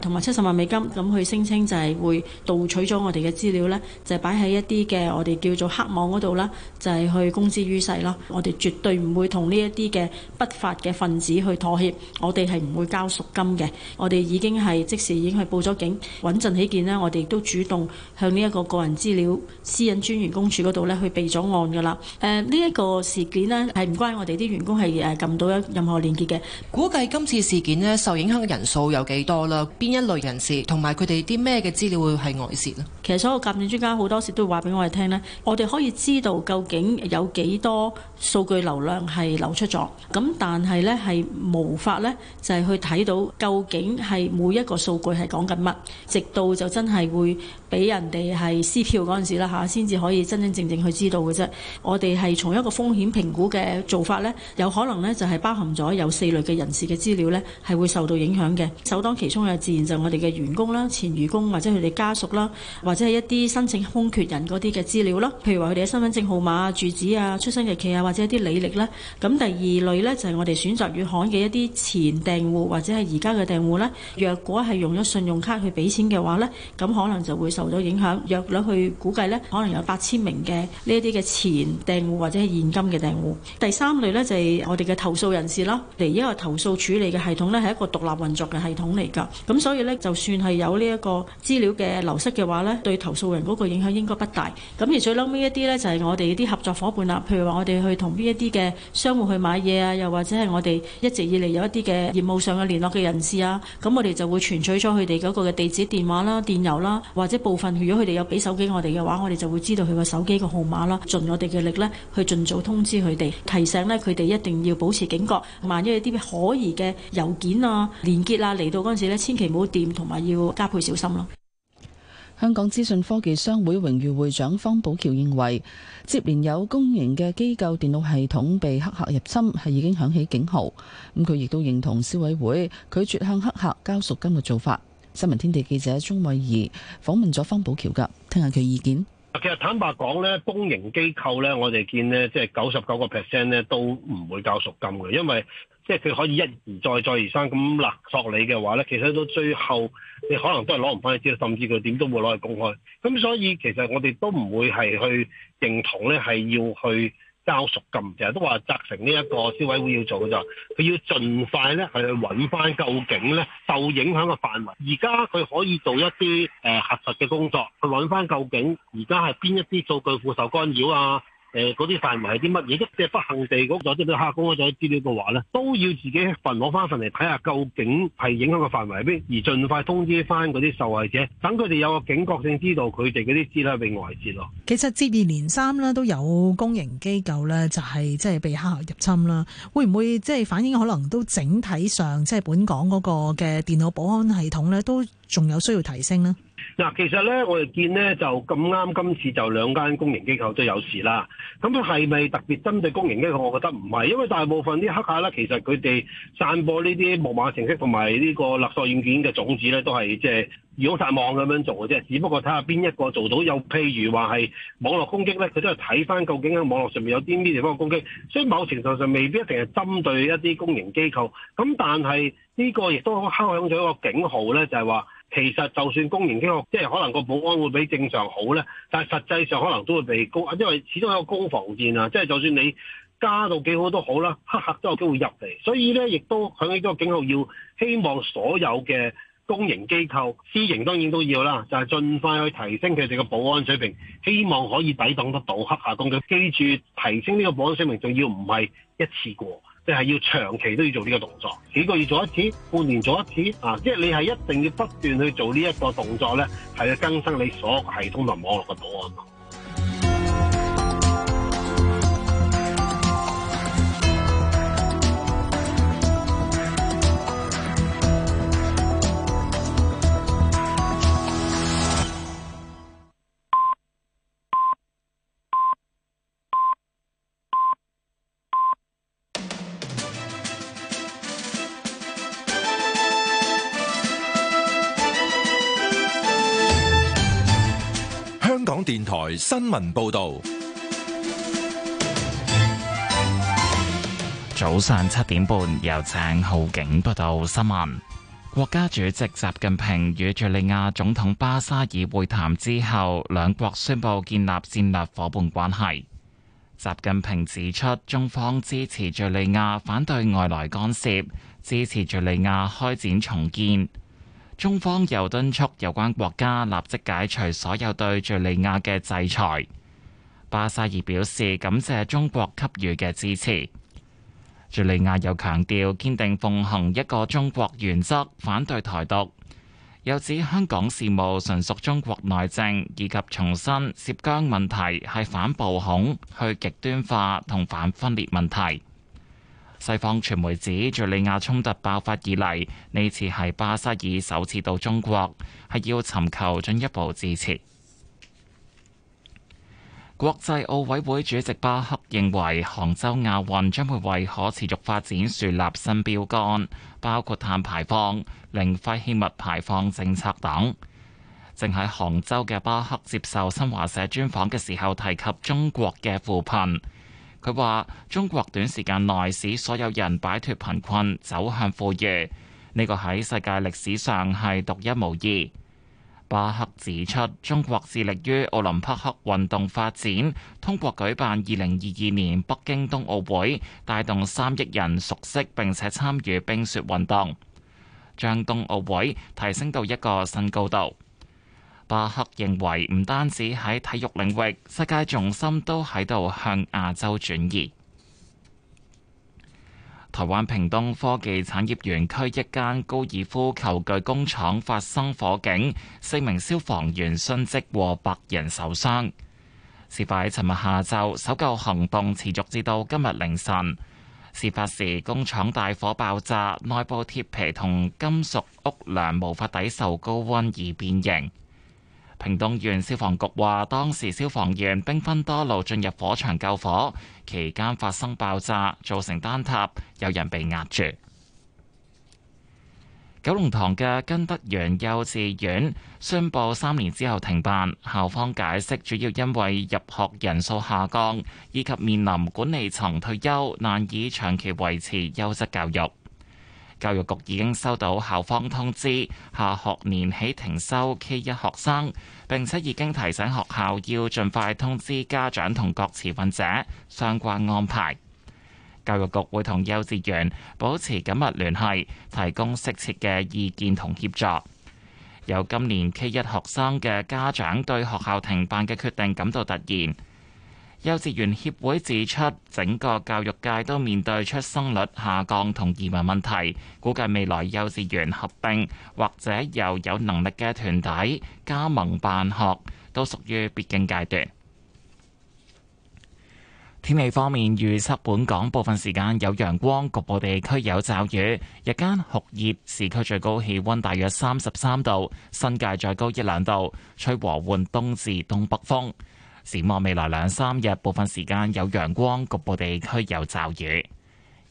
同埋七十萬美金咁，佢聲稱就係會盜取咗我哋嘅資料呢就係擺喺一啲嘅我哋叫做黑網嗰度啦，就係、是、去公之於世咯。我哋絕對唔會同呢一啲嘅不法嘅分子去妥協，我哋係唔會交贖金嘅。我哋已經係即時已經去報咗警，穩陣起見呢，我哋都主動向呢一個個人資料私隱專員公署嗰度呢去備咗案㗎啦。誒呢一個事件咧係唔關我哋啲員工係誒撳到一任何連結嘅。估計今次事件呢，受影響嘅人數有幾多啦？邊一類人士同埋佢哋啲咩嘅資料會係外泄呢？其實所有鑑證專家好多時都會話俾我哋聽呢，我哋可以知道究竟有幾多數據流量係流出咗，咁但係呢係無法呢就係去睇到究竟係每一個數據係講緊乜，直到就真係會。俾人哋係撕票嗰陣時啦嚇，先至可以真真正正去知道嘅啫。我哋係從一個風險評估嘅做法呢，有可能呢就係包含咗有四類嘅人士嘅資料呢，係會受到影響嘅。首當其衝嘅自然就係我哋嘅員工啦、前員工或者佢哋家屬啦，或者係一啲申請空缺人嗰啲嘅資料啦，譬如話佢哋嘅身份證號碼啊、住址啊、出生日期啊，或者一啲履歷咧。咁第二類呢，就係我哋選擇月刊嘅一啲前訂戶或者係而家嘅訂戶呢。若果係用咗信用卡去俾錢嘅話呢，咁可能就會。受咗影響，約率去估計呢，可能有八千名嘅呢一啲嘅前訂戶或者係現金嘅訂戶。第三類呢，就係我哋嘅投訴人士啦。嚟因為投訴處理嘅系統呢，係一個獨立運作嘅系統嚟㗎，咁所以呢，就算係有呢一個資料嘅流失嘅話呢，對投訴人嗰個影響應該不大。咁而最孻尾一啲呢，就係我哋啲合作伙伴啦，譬如話我哋去同邊一啲嘅商戶去買嘢啊，又或者係我哋一直以嚟有一啲嘅業務上嘅聯絡嘅人士啊，咁我哋就會存取咗佢哋嗰個嘅地址、電話啦、電郵啦，或者。部分，如果佢哋有俾手機我哋嘅話，我哋就會知道佢個手機個號碼啦。盡我哋嘅力呢，去盡早通知佢哋，提醒呢佢哋一定要保持警覺。萬一有啲咩可疑嘅郵件啊、連結啊嚟到嗰陣時咧，千祈唔好掂，同埋要加倍小心咯。香港資訊科技商會榮譽會長方寶橋認為，接連有公營嘅機構電腦系統被黑客入侵，係已經響起警號。咁佢亦都認同消委會拒絕向黑客交贖金嘅做法。新聞天地記者鍾偉儀訪問咗方保僑噶，聽下佢意見。其實坦白講咧，公營機構呢，我哋見呢，即係九十九個 percent 呢都唔會交贖金嘅，因為即係佢可以一而再，再而三咁勒索你嘅話呢，其實到最後你可能都係攞唔翻，你知道，甚至佢點都會攞去公開。咁所以其實我哋都唔會係去認同呢，係要去。交贖金成日都話，責成呢一個消委會要做嘅就，佢要盡快咧係去揾翻究竟咧受影響嘅範圍。而家佢可以做一啲誒核實嘅工作，去揾翻究竟而家係邊一啲數據庫受干擾啊？ [music] 誒嗰啲範圍係啲乜嘢？一隻不幸地嗰種即係黑客公開咗資料嘅話咧，都要自己一份攞翻份嚟睇下，究竟係影響嘅範圍係邊，而盡快通知翻嗰啲受害者，等佢哋有警覺性，知道佢哋嗰啲資料被外泄咯。其實接二連三啦，都有公營機構呢，就係即係被黑客入侵啦。會唔會即係反映可能都整體上即係本港嗰個嘅電腦保安系統呢，都仲有需要提升呢？嗱，其實咧，我哋見咧就咁啱，今次就兩間公營機構都有事啦。咁佢係咪特別針對公營機構？我覺得唔係，因為大部分啲黑客咧，其實佢哋散播呢啲木馬程式同埋呢個勒索軟件嘅種子咧，都係即係撒曬網咁樣做嘅啫。只不過睇下邊一個做到。又譬如話係網絡攻擊咧，佢都係睇翻究竟喺網絡上面有啲咩地方嘅攻擊。所以某程度上未必一定係針對一啲公營機構。咁但係呢個亦都敲響咗一個警號咧，就係話，其實就算公營機構即係可能個保安會比正常好呢，但係實際上可能都會被高，因為始終一個攻防戰啊，即係就算你加到幾好都好啦，黑客，客都有機會入嚟，所以呢，亦都響呢個警號，要希望所有嘅公營機構、私營當然都要啦，就係、是、盡快去提升佢哋個保安水平，希望可以抵擋得到黑客攻擊。記住提升呢個保安水平，仲要唔係一次過。你係要長期都要做呢個動作，幾個月做一次，半年做一次，啊，即係你係一定要不斷去做呢一個動作咧，係去更新你所系統同網絡嘅檔案。香港電台新聞報道：早上七點半，由鄭浩景報道新聞。國家主席習近平與敘利亞總統巴沙爾會談之後，兩國宣布建立戰略伙伴關係。習近平指出，中方支持敘利亞反對外來干涉，支持敘利亞開展重建。中方又敦促有關國家立即解除所有對敍利亞嘅制裁。巴沙爾表示感謝中國給予嘅支持。敍利亞又強調堅定奉行一個中國原則，反對台獨。又指香港事務純屬中國內政，以及重申涉疆問題係反暴恐、去極端化同反分裂問題。西方傳媒指敍利亞衝突爆發以嚟，呢次係巴沙爾首次到中國，係要尋求進一步支持。國際奧委會主席巴克認為，杭州亞運將會為可持續發展樹立新標竿，包括碳排放、零廢棄物排放政策等。正喺杭州嘅巴克接受新華社專訪嘅時候，提及中國嘅扶貧。佢話：中國短時間內使所有人擺脱貧困，走向富裕，呢個喺世界歷史上係獨一無二。巴克指出，中國致力於奧林匹克運動發展，通過舉辦二零二二年北京冬奧會，帶動三億人熟悉並且參與冰雪運動，將冬奧會提升到一個新高度。巴克認為，唔單止喺體育領域，世界重心都喺度向亞洲轉移。台灣屏東科技產業園區一間高爾夫球具工廠發生火警，四名消防員殉職和百人受傷。事發喺尋日下晝，搜救行動持續至到今日凌晨。事發時，工廠大火爆炸，內部鐵皮同金屬屋梁無法抵受高温而變形。屏東縣消防局話，當時消防員兵分多路進入火場救火，期間發生爆炸，造成坍塌，有人被壓住。九龍塘嘅根德園幼稚園宣布三年之後停辦，校方解釋主要因為入學人數下降，以及面臨管理層退休，難以長期維持優質教育。教育局已經收到校方通知，下學年起停收 K 一學生，並且已經提醒學校要盡快通知家長同各持份者相關安排。教育局會同幼稚園保持緊密聯繫，提供適切嘅意見同協助。有今年 K 一學生嘅家長對學校停辦嘅決定感到突然。幼稚園協會指出，整個教育界都面對出生率下降同移民問題，估計未來幼稚園合併或者由有能力嘅團體加盟辦學，都屬於必經階段。天氣方面預測，預測本港部分時間有陽光，局部地區有驟雨。日間酷熱，市區最高氣温大約三十三度，新界再高一兩度，吹和緩東至東北風。展望未來兩三日，部分時間有陽光，局部地區有驟雨。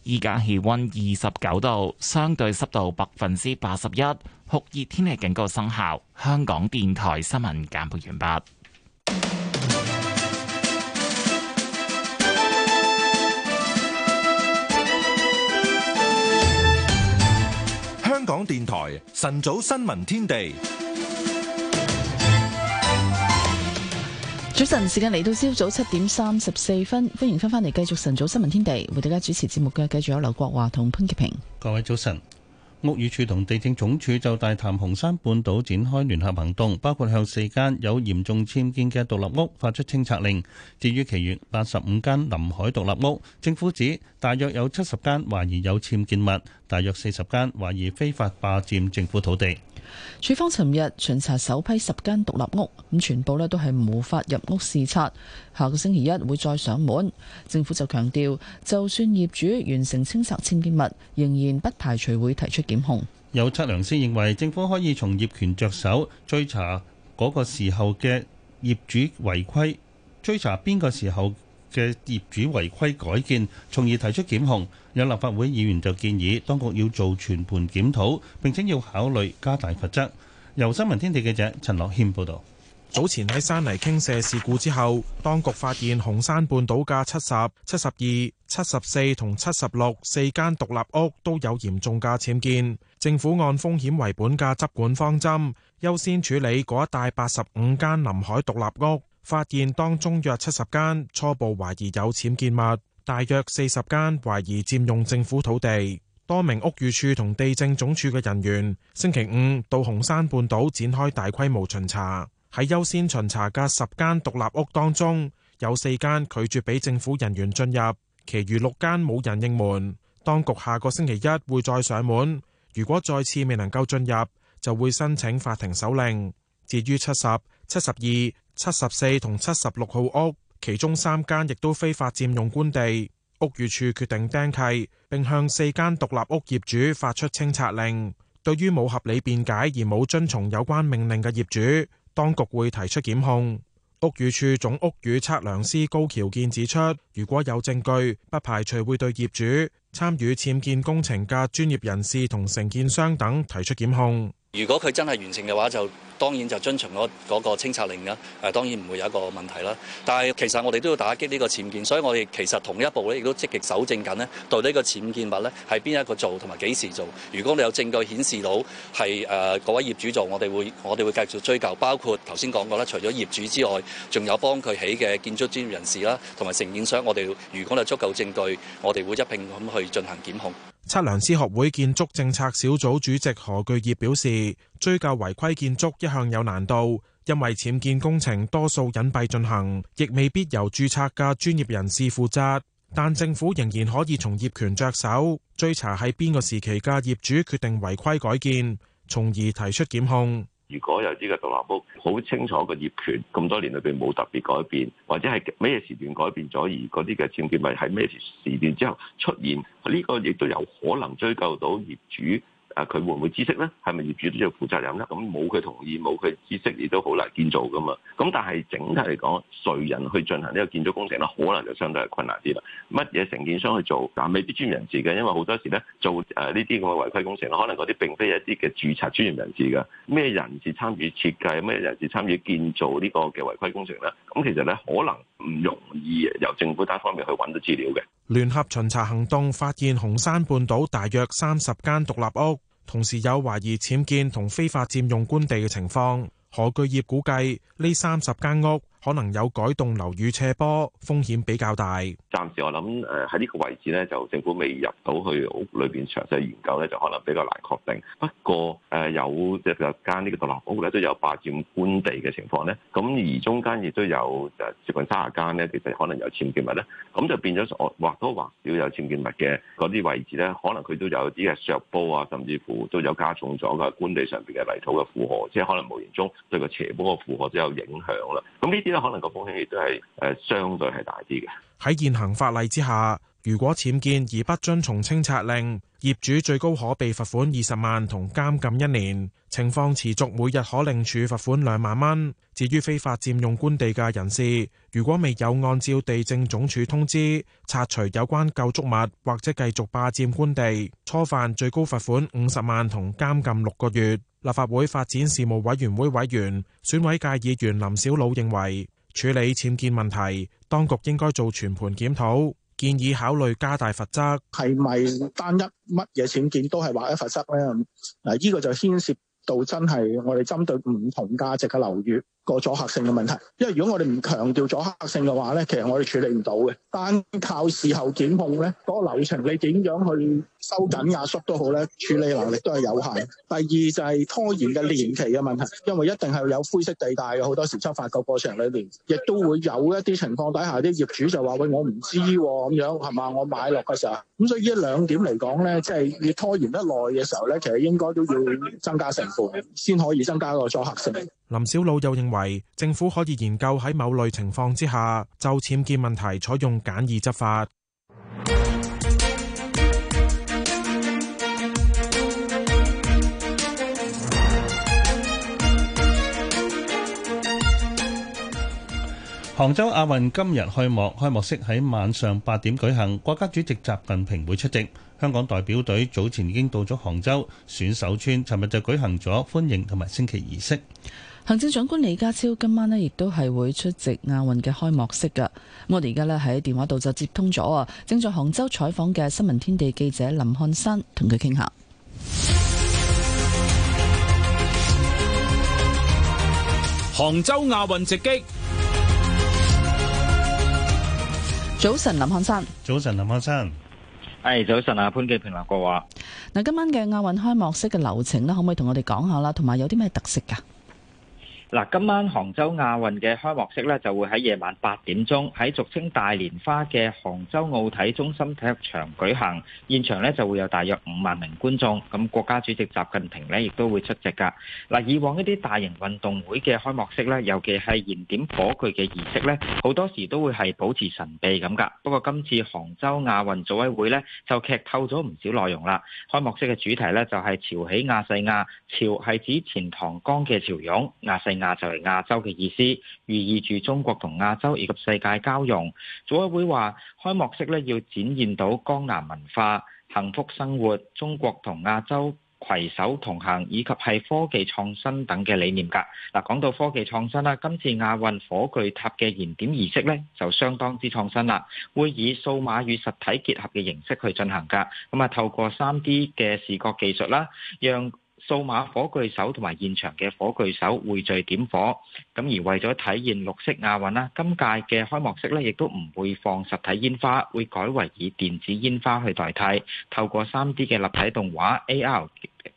依家氣溫二十九度，相對濕度百分之八十一，酷熱天氣警告生效。香港電台新聞簡報完畢。香港電台晨早新聞天地。早晨，時間嚟到朝早七點三十四分，歡迎翻返嚟繼續晨早新聞天地，為大家主持節目嘅繼續有劉國華同潘潔平。各位早晨，屋宇署同地政總署就大潭紅山半島展開聯合行動，包括向四間有嚴重僭建嘅獨立屋發出清拆令。至於其餘八十五間臨海獨立屋，政府指大約有七十間懷疑有僭建物，大約四十間懷疑非法霸佔政府土地。署方尋日巡查首批十間獨立屋，咁全部咧，都係無法入屋視察。下個星期一會再上門。政府就強調，就算業主完成清拆僭建物，仍然不排除會提出檢控。有測量師認為，政府可以從業權着手追查嗰個時候嘅業主違規，追查邊個時候嘅業主違規改建，從而提出檢控。有立法會議員就建議，當局要做全盤檢討，並且要考慮加大罰則。由新聞天地記者陳樂軒報道。早前喺山泥傾瀉事故之後，當局發現紅山半島嘅七十、七十二、七十四同七十六四間獨立屋都有嚴重嘅僭建。政府按風險為本嘅執管方針，優先處理嗰一帶八十五間臨海獨立屋，發現當中約七十間初步懷疑有僭建物。大約四十間懷疑佔用政府土地，多名屋宇署同地政總署嘅人員星期五到紅山半島展開大規模巡查。喺優先巡查嘅十間獨立屋當中，有四間拒絕俾政府人員進入，其餘六間冇人應門。當局下個星期一會再上門，如果再次未能夠進入，就會申請法庭手令。至於七十、七十二、七十四同七十六號屋。其中三間亦都非法佔用官地，屋宇處決定釘契，並向四間獨立屋業主發出清拆令。對於冇合理辯解而冇遵從有關命令嘅業主，當局會提出檢控。屋宇處總屋宇測量師高橋健指出，如果有證據，不排除會對業主、參與僭建工程嘅專業人士同承建商等提出檢控。如果佢真係完成嘅話，就當然就遵循咗嗰個清拆令啦。誒、呃、當然唔會有一個問題啦。但係其實我哋都要打擊呢個僭建，所以我哋其實同一部咧，亦都積極搜證緊咧，對呢個僭建物咧係邊一個做同埋幾時做。如果你有證據顯示到係誒、呃、各位業主做，我哋會我哋會繼續追究。包括頭先講過啦，除咗業主之外，仲有幫佢起嘅建築專業人士啦，同埋承建商。我哋如果有足夠證據，我哋會一併咁去進行檢控。測量師學會建築政策小組主席何巨業表示，追究違規建築一向有難度，因為僭建工程多數隱蔽進行，亦未必由註冊嘅專業人士負責。但政府仍然可以從業權着手，追查喺邊個時期嘅業主決定違規改建，從而提出檢控。如果有呢個獨立屋，好清楚個業權，咁多年裏邊冇特別改變，或者係咩時段改變咗，而嗰啲嘅僭建咪喺咩時段之後出現，呢個亦都有可能追究到業主。啊！佢會唔會知識呢？係咪業主都要負責任呢？咁冇佢同意，冇佢知識，亦都好難建造噶嘛。咁但係整體嚟講，誰人去進行呢個建築工程呢？可能就相對係困難啲啦。乜嘢承建商去做？但未必專業人士嘅，因為好多時呢做誒呢啲咁嘅違規工程，可能嗰啲並非一啲嘅註冊專業人士嘅。咩人士參與設計，咩人士參與建造呢個嘅違規工程呢？咁其實呢，可能唔容易由政府單方面去揾到資料嘅。聯合巡查行動發現紅山半島大約三十間獨立屋。同時有懷疑僭建同非法佔用官地嘅情況，何巨業估計呢三十間屋。可能有改動樓宇斜坡風險比較大。暫時我諗誒喺呢個位置咧，就政府未入到去屋裏邊詳細研究咧，就可能比較難確定。不過誒有即係、就是、有間呢個獨立屋咧都有霸佔官地嘅情況咧。咁而中間亦都有接近三十間咧，其實可能有僭建物咧。咁就變咗我或多或少有僭建物嘅嗰啲位置咧，可能佢都有啲嘅削坡啊，甚至乎都有加重咗嘅官地上面嘅泥土嘅負荷，即係可能無形中對個斜坡嘅負荷都有影響啦。咁呢啲可能個風險亦都係誒相對係大啲嘅。喺現行法例之下，如果僭建而不遵從清拆令，業主最高可被罰款二十萬同監禁一年。情況持續每日可另處罰款兩萬蚊。至於非法佔用官地嘅人士，如果未有按照地政總署通知拆除有關舊築物，或者繼續霸佔官地，初犯最高罰款五十萬同監禁六個月。立法會發展事務委員會委員、選委界議員林小魯認為，處理僭建問題，當局應該做全盤檢討，建議考慮加大罰則。係咪單一乜嘢僭建都係劃一罰則咧？嗱，呢個就牽涉到真係我哋針對唔同價值嘅樓宇。個阻嚇性嘅問題，因為如果我哋唔強調阻嚇性嘅話咧，其實我哋處理唔到嘅。單靠事後檢控咧，嗰個流程你點樣去收緊壓縮都好咧，處理能力都係有限。第二就係拖延嘅年期嘅問題，因為一定係有灰色地帶嘅，好多時執法嘅過程裏邊，亦都會有一啲情況底下啲業主就話喂，我唔知咁樣係嘛，我買落嘅時候。咁所以呢兩點嚟講咧，即係越拖延得耐嘅時候咧，其實應該都要增加成本，先可以增加個阻嚇性。林筱魯又認為，政府可以研究喺某類情況之下，就僭建問題採用簡易執法。杭州亞運今日開幕，開幕式喺晚上八點舉行，國家主席習近平會出席。香港代表隊早前已經到咗杭州選手村，尋日就舉行咗歡迎同埋升旗儀式。行政長官李家超今晚咧，亦都係會出席亞運嘅開幕式噶。咁我哋而家咧喺電話度就接通咗啊。正在杭州採訪嘅《新聞天地》記者林漢山同佢傾下。談談杭州亞運直擊。早晨，林漢山。早晨，林漢山。係、hey, 早晨啊，潘記平林國華。嗱，今晚嘅亞運開幕式嘅流程咧，可唔可以同我哋講下啦？同埋有啲咩特色噶？嗱，今晚杭州亞運嘅開幕式咧，就會喺夜晚八點鐘，喺俗稱大蓮花嘅杭州奧體中心體育場舉行，現場呢，就會有大約五萬名觀眾，咁國家主席習近平呢，亦都會出席噶。嗱，以往一啲大型運動會嘅開幕式呢，尤其係燃點火炬嘅儀式呢，好多時都會係保持神秘咁噶。不過今次杭州亞運組委會呢，就劇透咗唔少內容啦。開幕式嘅主題呢，就係潮起亞細亞，潮係指錢塘江嘅潮湧。亞細。亞就係亞洲嘅意思，寓意住中國同亞洲以及世界交融。組委會話，開幕式咧要展現到江南文化、幸福生活、中國同亞洲攜手同行，以及係科技創新等嘅理念㗎。嗱，講到科技創新啦，今次亞運火炬塔嘅燃點儀式咧，就相當之創新啦，會以數碼與實體結合嘅形式去進行㗎。咁啊，透過三 D 嘅視覺技術啦，讓數碼火炬手同埋現場嘅火炬手匯聚點火，咁而為咗體現綠色亞運啦，今屆嘅開幕式咧，亦都唔會放實體煙花，會改為以電子煙花去代替，透過 3D 嘅立體動畫 AR。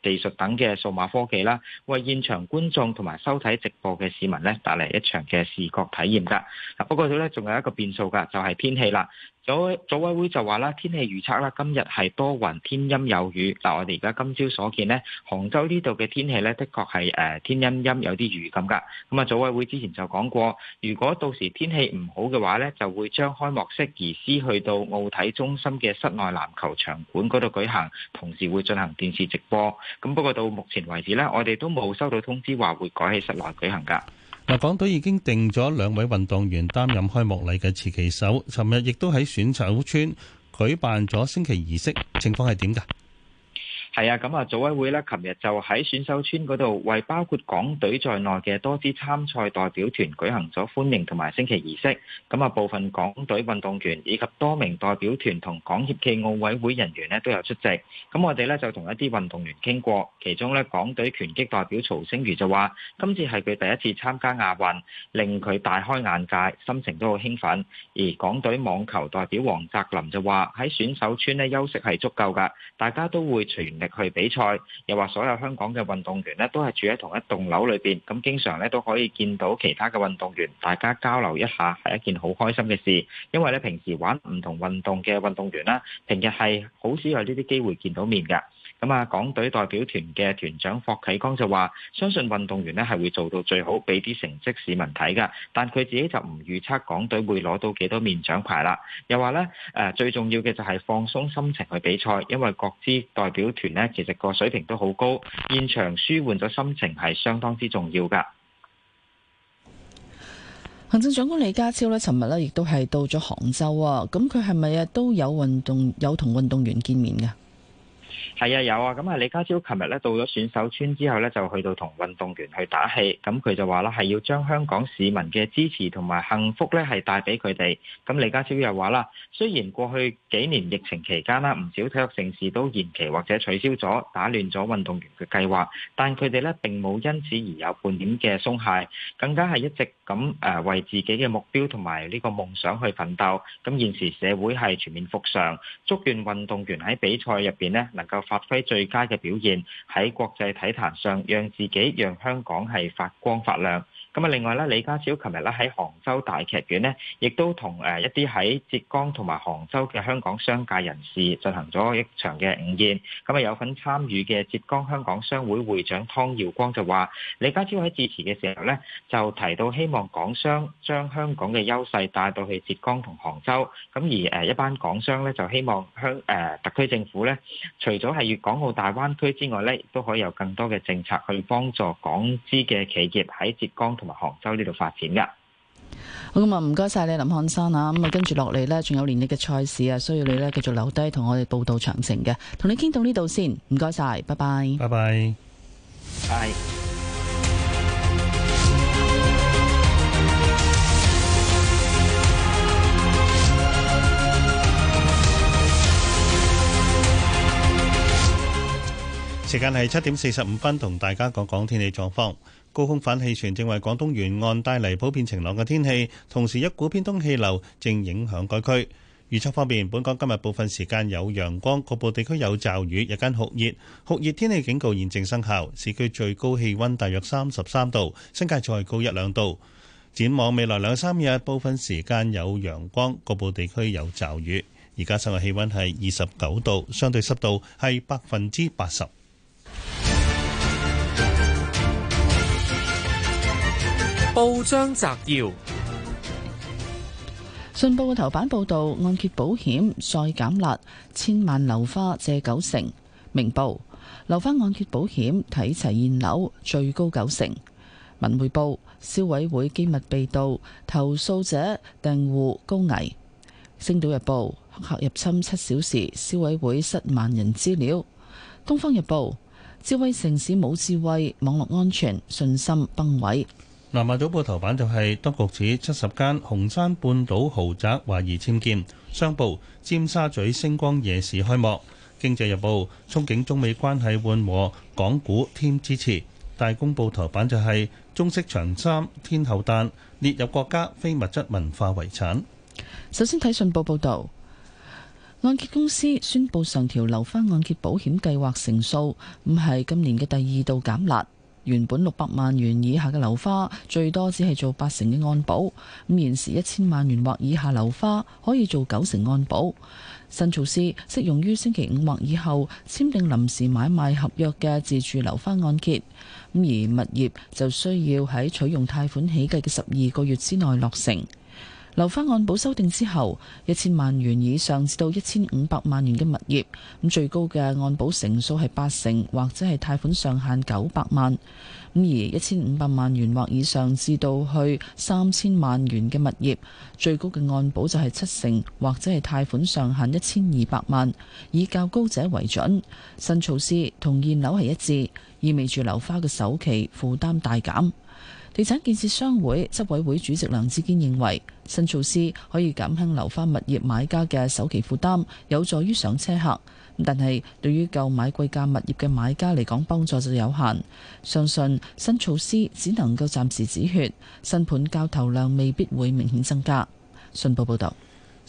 技術等嘅數碼科技啦，為現場觀眾同埋收睇直播嘅市民咧，帶嚟一場嘅視覺體驗噶。嗱，不過佢咧仲有一個變數噶，就係天氣啦。組委會就話啦，天氣預測啦，今日係多雲天陰有雨。嗱，我哋而家今朝所見咧，杭州呢度嘅天氣呢，的確係誒天陰陰有啲雨咁噶。咁啊，組委會之前就講過，如果到時天氣唔好嘅話呢，就會將開幕式移師去到奧體中心嘅室內籃球場館嗰度舉行，同時會進行電視直播。咁不過到目前為止呢，我哋都冇收到通知話會改喺室內舉行㗎。嗱，港隊已經定咗兩位運動員擔任開幕禮嘅持旗手，尋日亦都喺選手村舉辦咗升旗儀式，情況係點㗎？係啊，咁啊，組委會呢，琴日就喺選手村嗰度，為包括港隊在內嘅多支參賽代表團舉行咗歡迎同埋升旗儀式。咁啊，部分港隊運動員以及多名代表團同港協暨奧委會人員呢，都有出席。咁我哋呢，就同一啲運動員傾過，其中呢，港隊拳擊代表曹星如就話：今次係佢第一次參加亞運，令佢大開眼界，心情都好興奮。而港隊網球代表王澤林就話：喺選手村呢，休息係足夠㗎，大家都會全去比賽，又話所有香港嘅運動員咧都係住喺同一棟樓裏邊，咁經常咧都可以見到其他嘅運動員，大家交流一下係一件好開心嘅事。因為咧平時玩唔同運動嘅運動員啦，平日係好少有呢啲機會見到面㗎。咁啊，港隊代表團嘅團長霍啟剛就話：相信運動員咧係會做到最好，俾啲成績市民睇噶。但佢自己就唔預測港隊會攞到幾多面獎牌啦。又話咧，誒、啊，最重要嘅就係放鬆心情去比賽，因為各支代表團咧，其實個水平都好高。現場舒緩咗心情係相當之重要噶。行政長官李家超咧，尋日咧亦都係到咗杭州啊。咁佢係咪啊都有運動有同運動員見面噶？係啊，有啊，咁啊，李家超琴日咧到咗選手村之後咧，就去到同運動員去打氣。咁佢就話啦，係要將香港市民嘅支持同埋幸福咧，係帶俾佢哋。咁李家超又話啦，雖然過去幾年疫情期間啦，唔少體育盛事都延期或者取消咗，打亂咗運動員嘅計劃，但佢哋咧並冇因此而有半點嘅鬆懈，更加係一直咁誒為自己嘅目標同埋呢個夢想去奮鬥。咁現時社會係全面復常，祝願運動員喺比賽入邊呢。能。就發揮最佳嘅表現，喺國際體壇上，讓自己、讓香港係發光發亮。咁啊！另外咧，李家超琴日咧喺杭州大劇院咧，亦都同誒一啲喺浙江同埋杭州嘅香港商界人士進行咗一場嘅午宴。咁啊，有份參與嘅浙江香港商會會長湯耀光就話，李家超喺致辭嘅時候咧，就提到希望港商將香港嘅優勢帶到去浙江同杭州。咁而誒一班港商咧就希望香誒特區政府咧，除咗係粵港澳大灣區之外咧，都可以有更多嘅政策去幫助港資嘅企業喺浙江。同埋杭州呢度發展噶，好。咁啊，唔該晒你林漢生啊。咁啊，跟住落嚟咧，仲有連日嘅賽事啊，需要你咧繼續留低同我哋報道詳情嘅，同你傾到呢度先，唔該晒，拜拜，拜拜，係。時間係七點四十五分，同大家講講天氣狀況。高空反氣旋正為廣東沿岸帶嚟普遍晴朗嘅天氣，同時一股偏東氣流正影響該區。預測方面，本港今日部分時間有陽光，局部地區有驟雨，日間酷熱，酷熱天氣警告現正生效。市區最高氣溫大約三十三度，新界再高一兩度。展望未來兩三日，部分時間有陽光，局部地區有驟雨。而家室外氣溫係二十九度，相對濕度係百分之八十。報章摘要：《信報》嘅頭版報道按揭保險再減辣，千萬樓花借九成。《明報》樓花按揭保險睇齊現樓最高九成。《文匯報》消委會機密被盜，投訴者訂戶高危。《星島日報》黑客入侵七小時，消委會失萬人資料。《東方日報》智慧城市冇智慧，網絡安全信心崩毀。南華早報頭版就係當局指七十間紅山半島豪宅懷疑僭建，商報尖沙咀星光夜市開幕，經濟日報憧憬中美關係緩和，港股添支持。大公報頭版就係中式長衫天后誕列入國家非物質文化遺產。首先睇信報報道，按揭公司宣布上調樓花按揭保險計劃成數，唔係今年嘅第二度減辣。原本六百萬元以下嘅樓花最多只係做八成嘅按保，咁現時一千萬元或以下樓花可以做九成按保。新措施適用於星期五或以後簽訂臨時買賣合約嘅自住樓花按揭，咁而物業就需要喺取用貸款起計嘅十二個月之內落成。樓花按保修訂之後，一千萬元以上至到一千五百萬元嘅物業，咁最高嘅按保成數係八成，或者係貸款上限九百萬。咁而一千五百萬元或以上至到去三千萬元嘅物業，最高嘅按保就係七成，或者係貸款上限一千二百萬，以較高者為準。新措施同現樓係一致，意味住樓花嘅首期負擔大減。地產建設商會執委會主席梁志堅認為，新措施可以減輕樓花物業買家嘅首期負擔，有助於上車客。但係對於購買貴價物業嘅買家嚟講，幫助就有限。相信新措施只能夠暫時止血，新盤交投量未必會明顯增加。信報報道。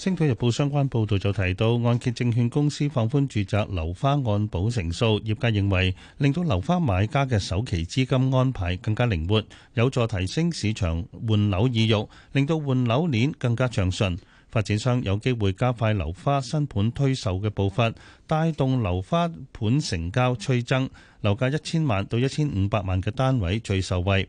《星島日報》相關報導就提到，按揭證券公司放寬住宅樓花按保成數，業界認為令到樓花買家嘅首期資金安排更加靈活，有助提升市場換樓意欲，令到換樓鏈更加暢順。發展商有機會加快樓花新盤推售嘅步伐，帶動樓花盤成交趨增。樓價一千萬到一千五百萬嘅單位最受惠。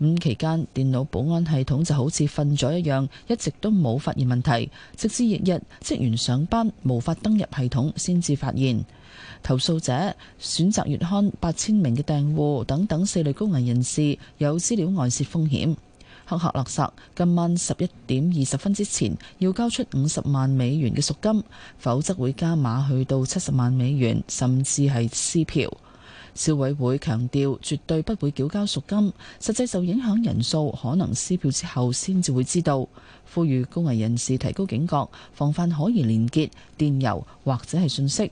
咁期間，電腦保安系統就好似瞓咗一樣，一直都冇發現問題，直至翌日職員上班無法登入系統，先至發現。投訴者、選擇月刊八千名嘅訂戶等等四類高危人士有資料外泄風險。黑客勒索今晚十一點二十分之前要交出五十萬美元嘅贖金，否則會加碼去到七十萬美元，甚至係撕票。消委會強調絕對不會繳交贖金，實際受影響人數可能撕票之後先至會知道，呼籲高危人士提高警覺，防範可疑連結、電郵或者係信息。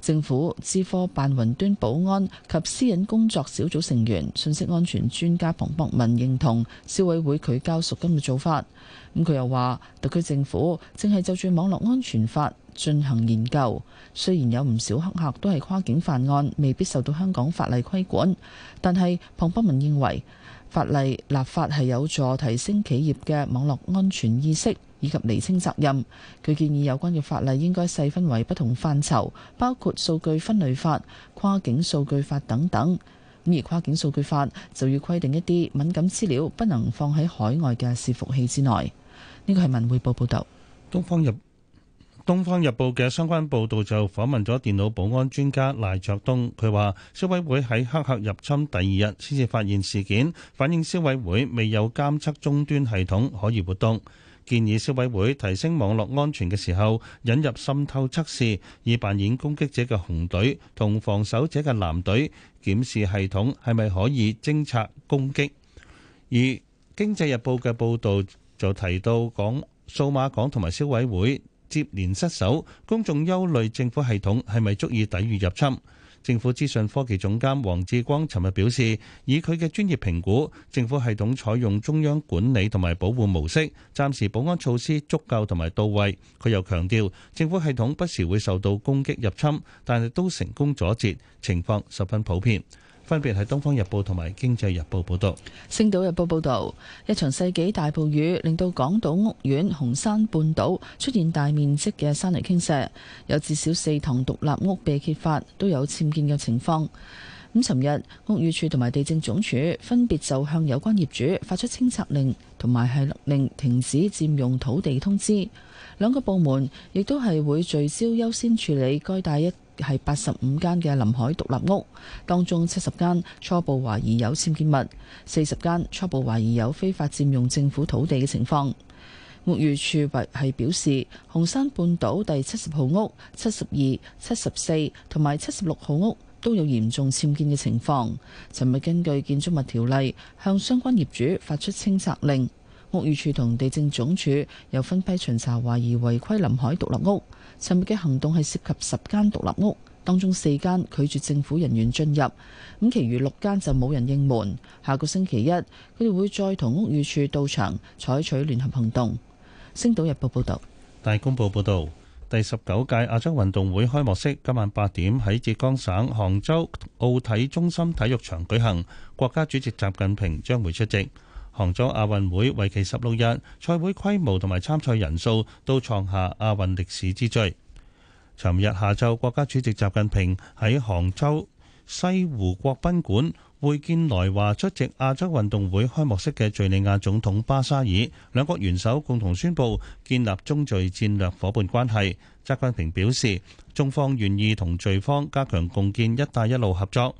政府資科辦雲端保安及私隱工作小組成員、信息安全專家龐博文認同消委會拒交贖金嘅做法，咁佢又話，特區政府正係就住網絡安全法。進行研究，雖然有唔少黑客都係跨境犯案，未必受到香港法例規管，但係龐博文認為法例立法係有助提升企業嘅網絡安全意識以及釐清責任。佢建議有關嘅法例應該細分為不同範疇，包括數據分類法、跨境數據法等等。咁而跨境數據法就要規定一啲敏感資料不能放喺海外嘅伺服器之內。呢個係文匯報報導。東方日《東方日報》嘅相關報導就訪問咗電腦保安專家賴卓東，佢話消委會喺黑客入侵第二日先至發現事件，反映消委會未有監測終端系統可以活動，建議消委會提升網絡安全嘅時候引入滲透測試，以扮演攻擊者嘅紅隊同防守者嘅藍隊檢視系統係咪可以偵察攻擊。而《經濟日報》嘅報導就提到，講數碼港同埋消委會。接連失守，公眾憂慮政府系統係咪足以抵禦入侵？政府資訊科技總監黃志光尋日表示，以佢嘅專業評估，政府系統採用中央管理同埋保護模式，暫時保安措施足夠同埋到位。佢又強調，政府系統不時會受到攻擊入侵，但係都成功阻截，情況十分普遍。分別，係《東方日報》同埋《經濟日報》報道，《星島日報》報道，一場世紀大暴雨令到港島屋苑紅山半島出現大面積嘅山泥傾瀉，有至少四幢獨立屋被揭發都有僭建嘅情況。咁，尋日屋宇署同埋地政總署分別就向有關業主發出清拆令同埋係令停止佔用土地通知，兩個部門亦都係會聚焦優先處理該大一。係八十五間嘅臨海獨立屋，當中七十間初步懷疑有僭建物，四十間初步懷疑有非法佔用政府土地嘅情況。屋宇署係表示，紅山半島第七十號屋、七十二、七十四同埋七十六號屋都有嚴重僭建嘅情況。尋日根據建築物條例，向相關業主發出清拆令。屋宇署同地政總署又分批巡查懷疑違規臨海獨立屋。尋日嘅行動係涉及十間獨立屋，當中四間拒絕政府人員進入，咁，其餘六間就冇人應門。下個星期一，佢哋會再同屋宇處到場採取聯合行動。《星島日報》報道。《大公報》報道，第十九屆亞洲運動會開幕式今晚八點喺浙江省杭州奧體中心體育場舉行，國家主席習近平將會出席。杭州亞運會為期十六日，賽會規模同埋參賽人數都創下亞運歷史之最。尋日下晝，國家主席習近平喺杭州西湖國賓館會見來華出席亞洲運動會開幕式嘅敍利亞總統巴沙爾，兩國元首共同宣布建立中敍戰略夥伴關係。習近平表示，中方願意同敍方加強共建「一帶一路」合作。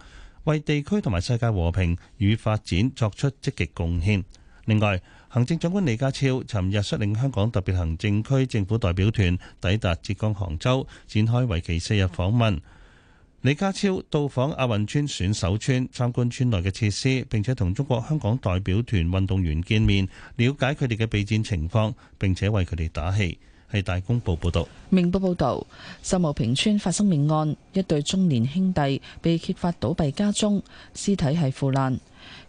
為地區同埋世界和平與發展作出積極貢獻。另外，行政長官李家超尋日率領香港特別行政區政府代表團抵達浙江杭州，展開為期四日訪問。李家超到訪亞運村選手村，參觀村內嘅設施，並且同中國香港代表團運動員見面，了解佢哋嘅備戰情況，並且為佢哋打氣。係大公報報道，明報報道，秀茂坪村發生命案，一對中年兄弟被揭發倒斃家中，屍體係腐爛。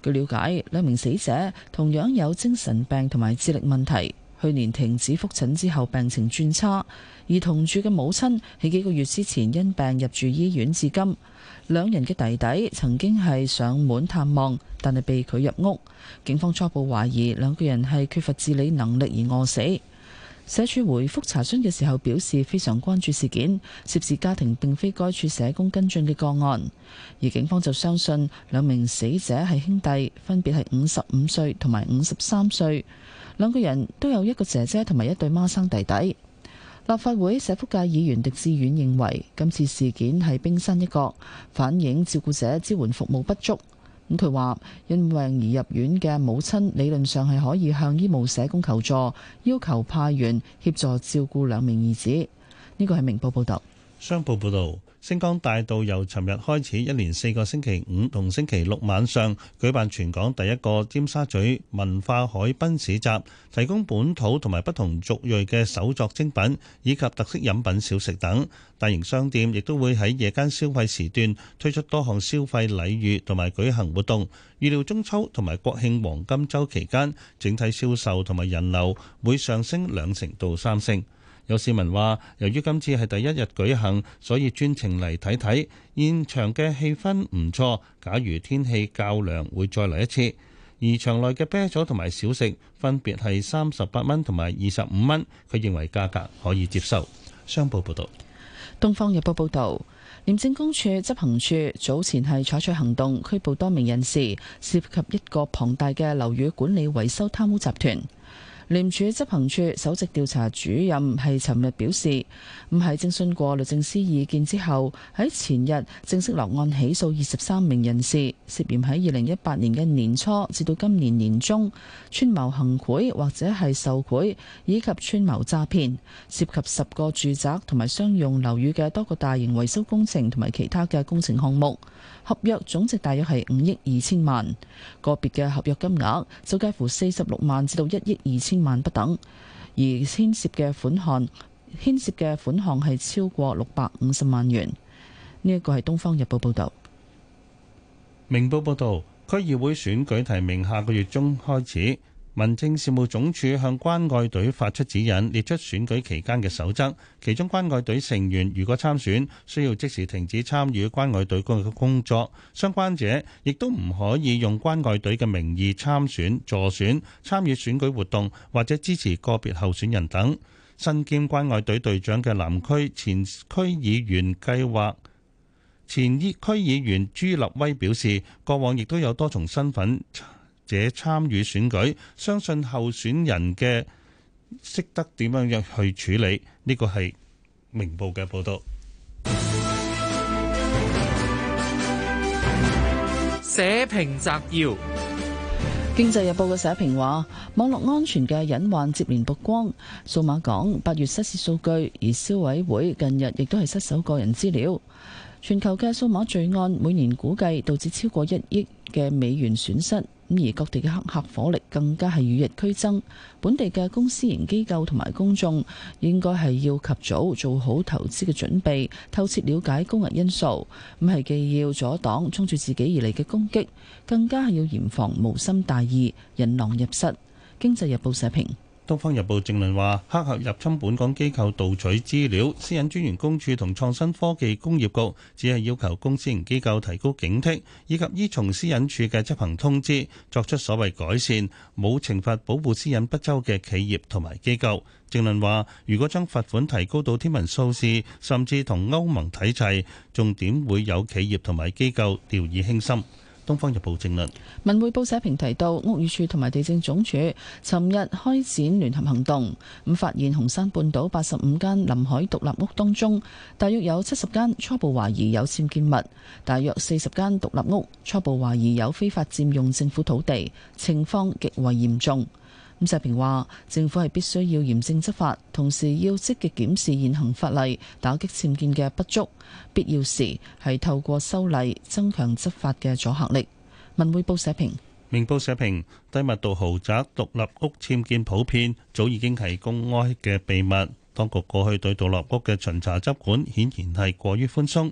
據了解，兩名死者同樣有精神病同埋智力問題，去年停止復診之後病情轉差，而同住嘅母親喺幾個月之前因病入住醫院，至今。兩人嘅弟弟曾經係上門探望，但係被拒入屋。警方初步懷疑兩個人係缺乏自理能力而餓死。社署回覆查詢嘅時候表示非常關注事件，涉事家庭並非該處社工跟進嘅個案。而警方就相信兩名死者係兄弟，分別係五十五歲同埋五十三歲，兩個人都有一個姐姐同埋一對孖生弟弟。立法會社福界議員狄志遠認為，今次事件係冰山一角，反映照顧者支援服務不足。咁佢話，因病而入院嘅母親理論上係可以向醫務社工求助，要求派員協助照顧兩名兒子。呢個係明報報導。商報報導。星光大道由尋日開始，一連四個星期五同星期六晚上舉辦全港第一個尖沙咀文化海濱市集，提供本土同埋不同族裔嘅手作精品以及特色飲品、小食等。大型商店亦都會喺夜間消費時段推出多項消費禮遇同埋舉行活動。預料中秋同埋國慶黃金週期間，整體銷售同埋人流會上升兩成到三成。有市民話：由於今次係第一日舉行，所以專程嚟睇睇。現場嘅氣氛唔錯。假如天氣較涼，會再嚟一次。而場內嘅啤酒同埋小食分別係三十八蚊同埋二十五蚊，佢認為價格可以接受。商報報道，《東方日報》報道：廉政公署執行處早前係採取行動拘捕多名人士，涉及一個龐大嘅樓宇管理維修貪污集團。廉署執行處首席調查主任係尋日表示，唔係徵詢過律政司意見之後，喺前日正式落案起訴二十三名人士，涉嫌喺二零一八年嘅年初至到今年年中串謀行賄或者係受賄，以及串謀詐騙，涉及十個住宅同埋商用樓宇嘅多個大型維修工程同埋其他嘅工程項目。合約總值大約係五億二千萬，個別嘅合約金額就介乎四十六萬至到一億二千萬不等，而牽涉嘅款項牽涉嘅款項係超過六百五十萬元。呢一個係東方日報報道。明報報道，區議會選舉提名下個月中開始。民政事務總署向關愛隊發出指引，列出選舉期間嘅守則。其中，關愛隊成員如果參選，需要即時停止參與關愛隊嘅工作。相關者亦都唔可以用關愛隊嘅名義參選、助選、參與選舉活動或者支持個別候選人等。身兼關愛隊隊隊長嘅南區前區議員計劃前區議員朱立威表示，過往亦都有多重身份。者參與選舉，相信候選人嘅識得點樣樣去處理。呢個係明報嘅報道。社評摘要，《經濟日報》嘅社評話：網絡安全嘅隱患接連曝光，數碼港八月失事數據，而消委會近日亦都係失守個人資料。全球嘅數碼罪案每年估計導致超過一億嘅美元損失。咁而各地嘅黑客火力更加係與日俱增，本地嘅公私營機構同埋公眾應該係要及早做好投資嘅準備，透徹了解高危因素，咁係既要阻擋衝住自己而嚟嘅攻擊，更加係要嚴防無心大意引狼入室。經濟日報社評。《東方日報》正論話：黑客入侵本港機構盜取資料，私隱專員公署同創新科技工業局只係要求公私營機構提高警惕，以及依從私隱處嘅執行通知，作出所謂改善，冇懲罰保護私隱不周嘅企業同埋機構。正論話：如果將罰款提高到天文數字，甚至同歐盟體制，仲點會有企業同埋機構掉以輕心？《東方日報》政論。文匯報社評提到，屋宇署同埋地政總署尋日開展聯合行動，咁發現紅山半島八十五間臨海獨立屋當中，大約有七十間初步懷疑有僭建物，大約四十間獨立屋初步懷疑有非法佔用政府土地，情況極為嚴重。咁社評話，政府係必須要嚴正執法，同時要積極檢視現行法例，打擊僭建嘅不足，必要時係透過修例增強執法嘅阻嚇力。文匯報社評，明報社評，低密度豪宅獨立屋僭建普遍，早已經係公開嘅秘密。當局過去對獨立屋嘅巡查執管，顯然係過於寬鬆。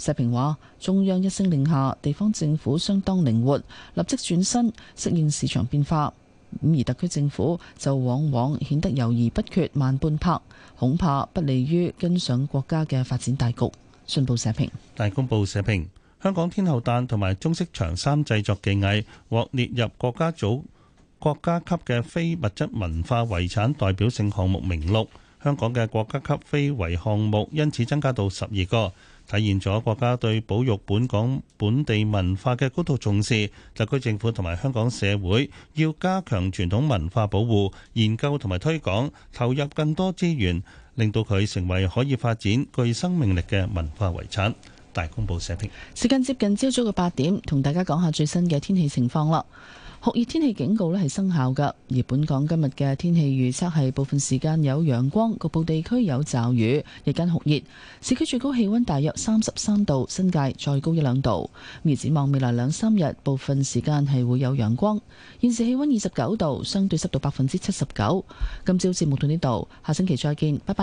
社評話：中央一聲令下，地方政府相當靈活，立即轉身適應市場變化。咁而特區政府就往往顯得猶豫不決、慢半拍，恐怕不利於跟上國家嘅發展大局。信報社評，大公報社評：香港天后誕同埋中式長衫製作技藝獲列入國家組國家級嘅非物質文化遺產代表性項目名錄，香港嘅國家級非遺項目因此增加到十二個。體現咗國家對保育本港本地文化嘅高度重視，特區政府同埋香港社會要加強傳統文化保護、研究同埋推廣，投入更多資源，令到佢成為可以發展具生命力嘅文化遺產。大公報社評。時間接近朝早嘅八點，同大家講下最新嘅天氣情況啦。酷熱天氣警告呢係生效噶，而本港今日嘅天氣預測係部分時間有陽光，局部地區有驟雨，日間酷熱，市區最高氣溫大約三十三度，新界再高一兩度。咁而展望未來兩三日，部分時間係會有陽光。現時氣溫二十九度，相對濕度百分之七十九。今朝節目到呢度，下星期再見，拜拜。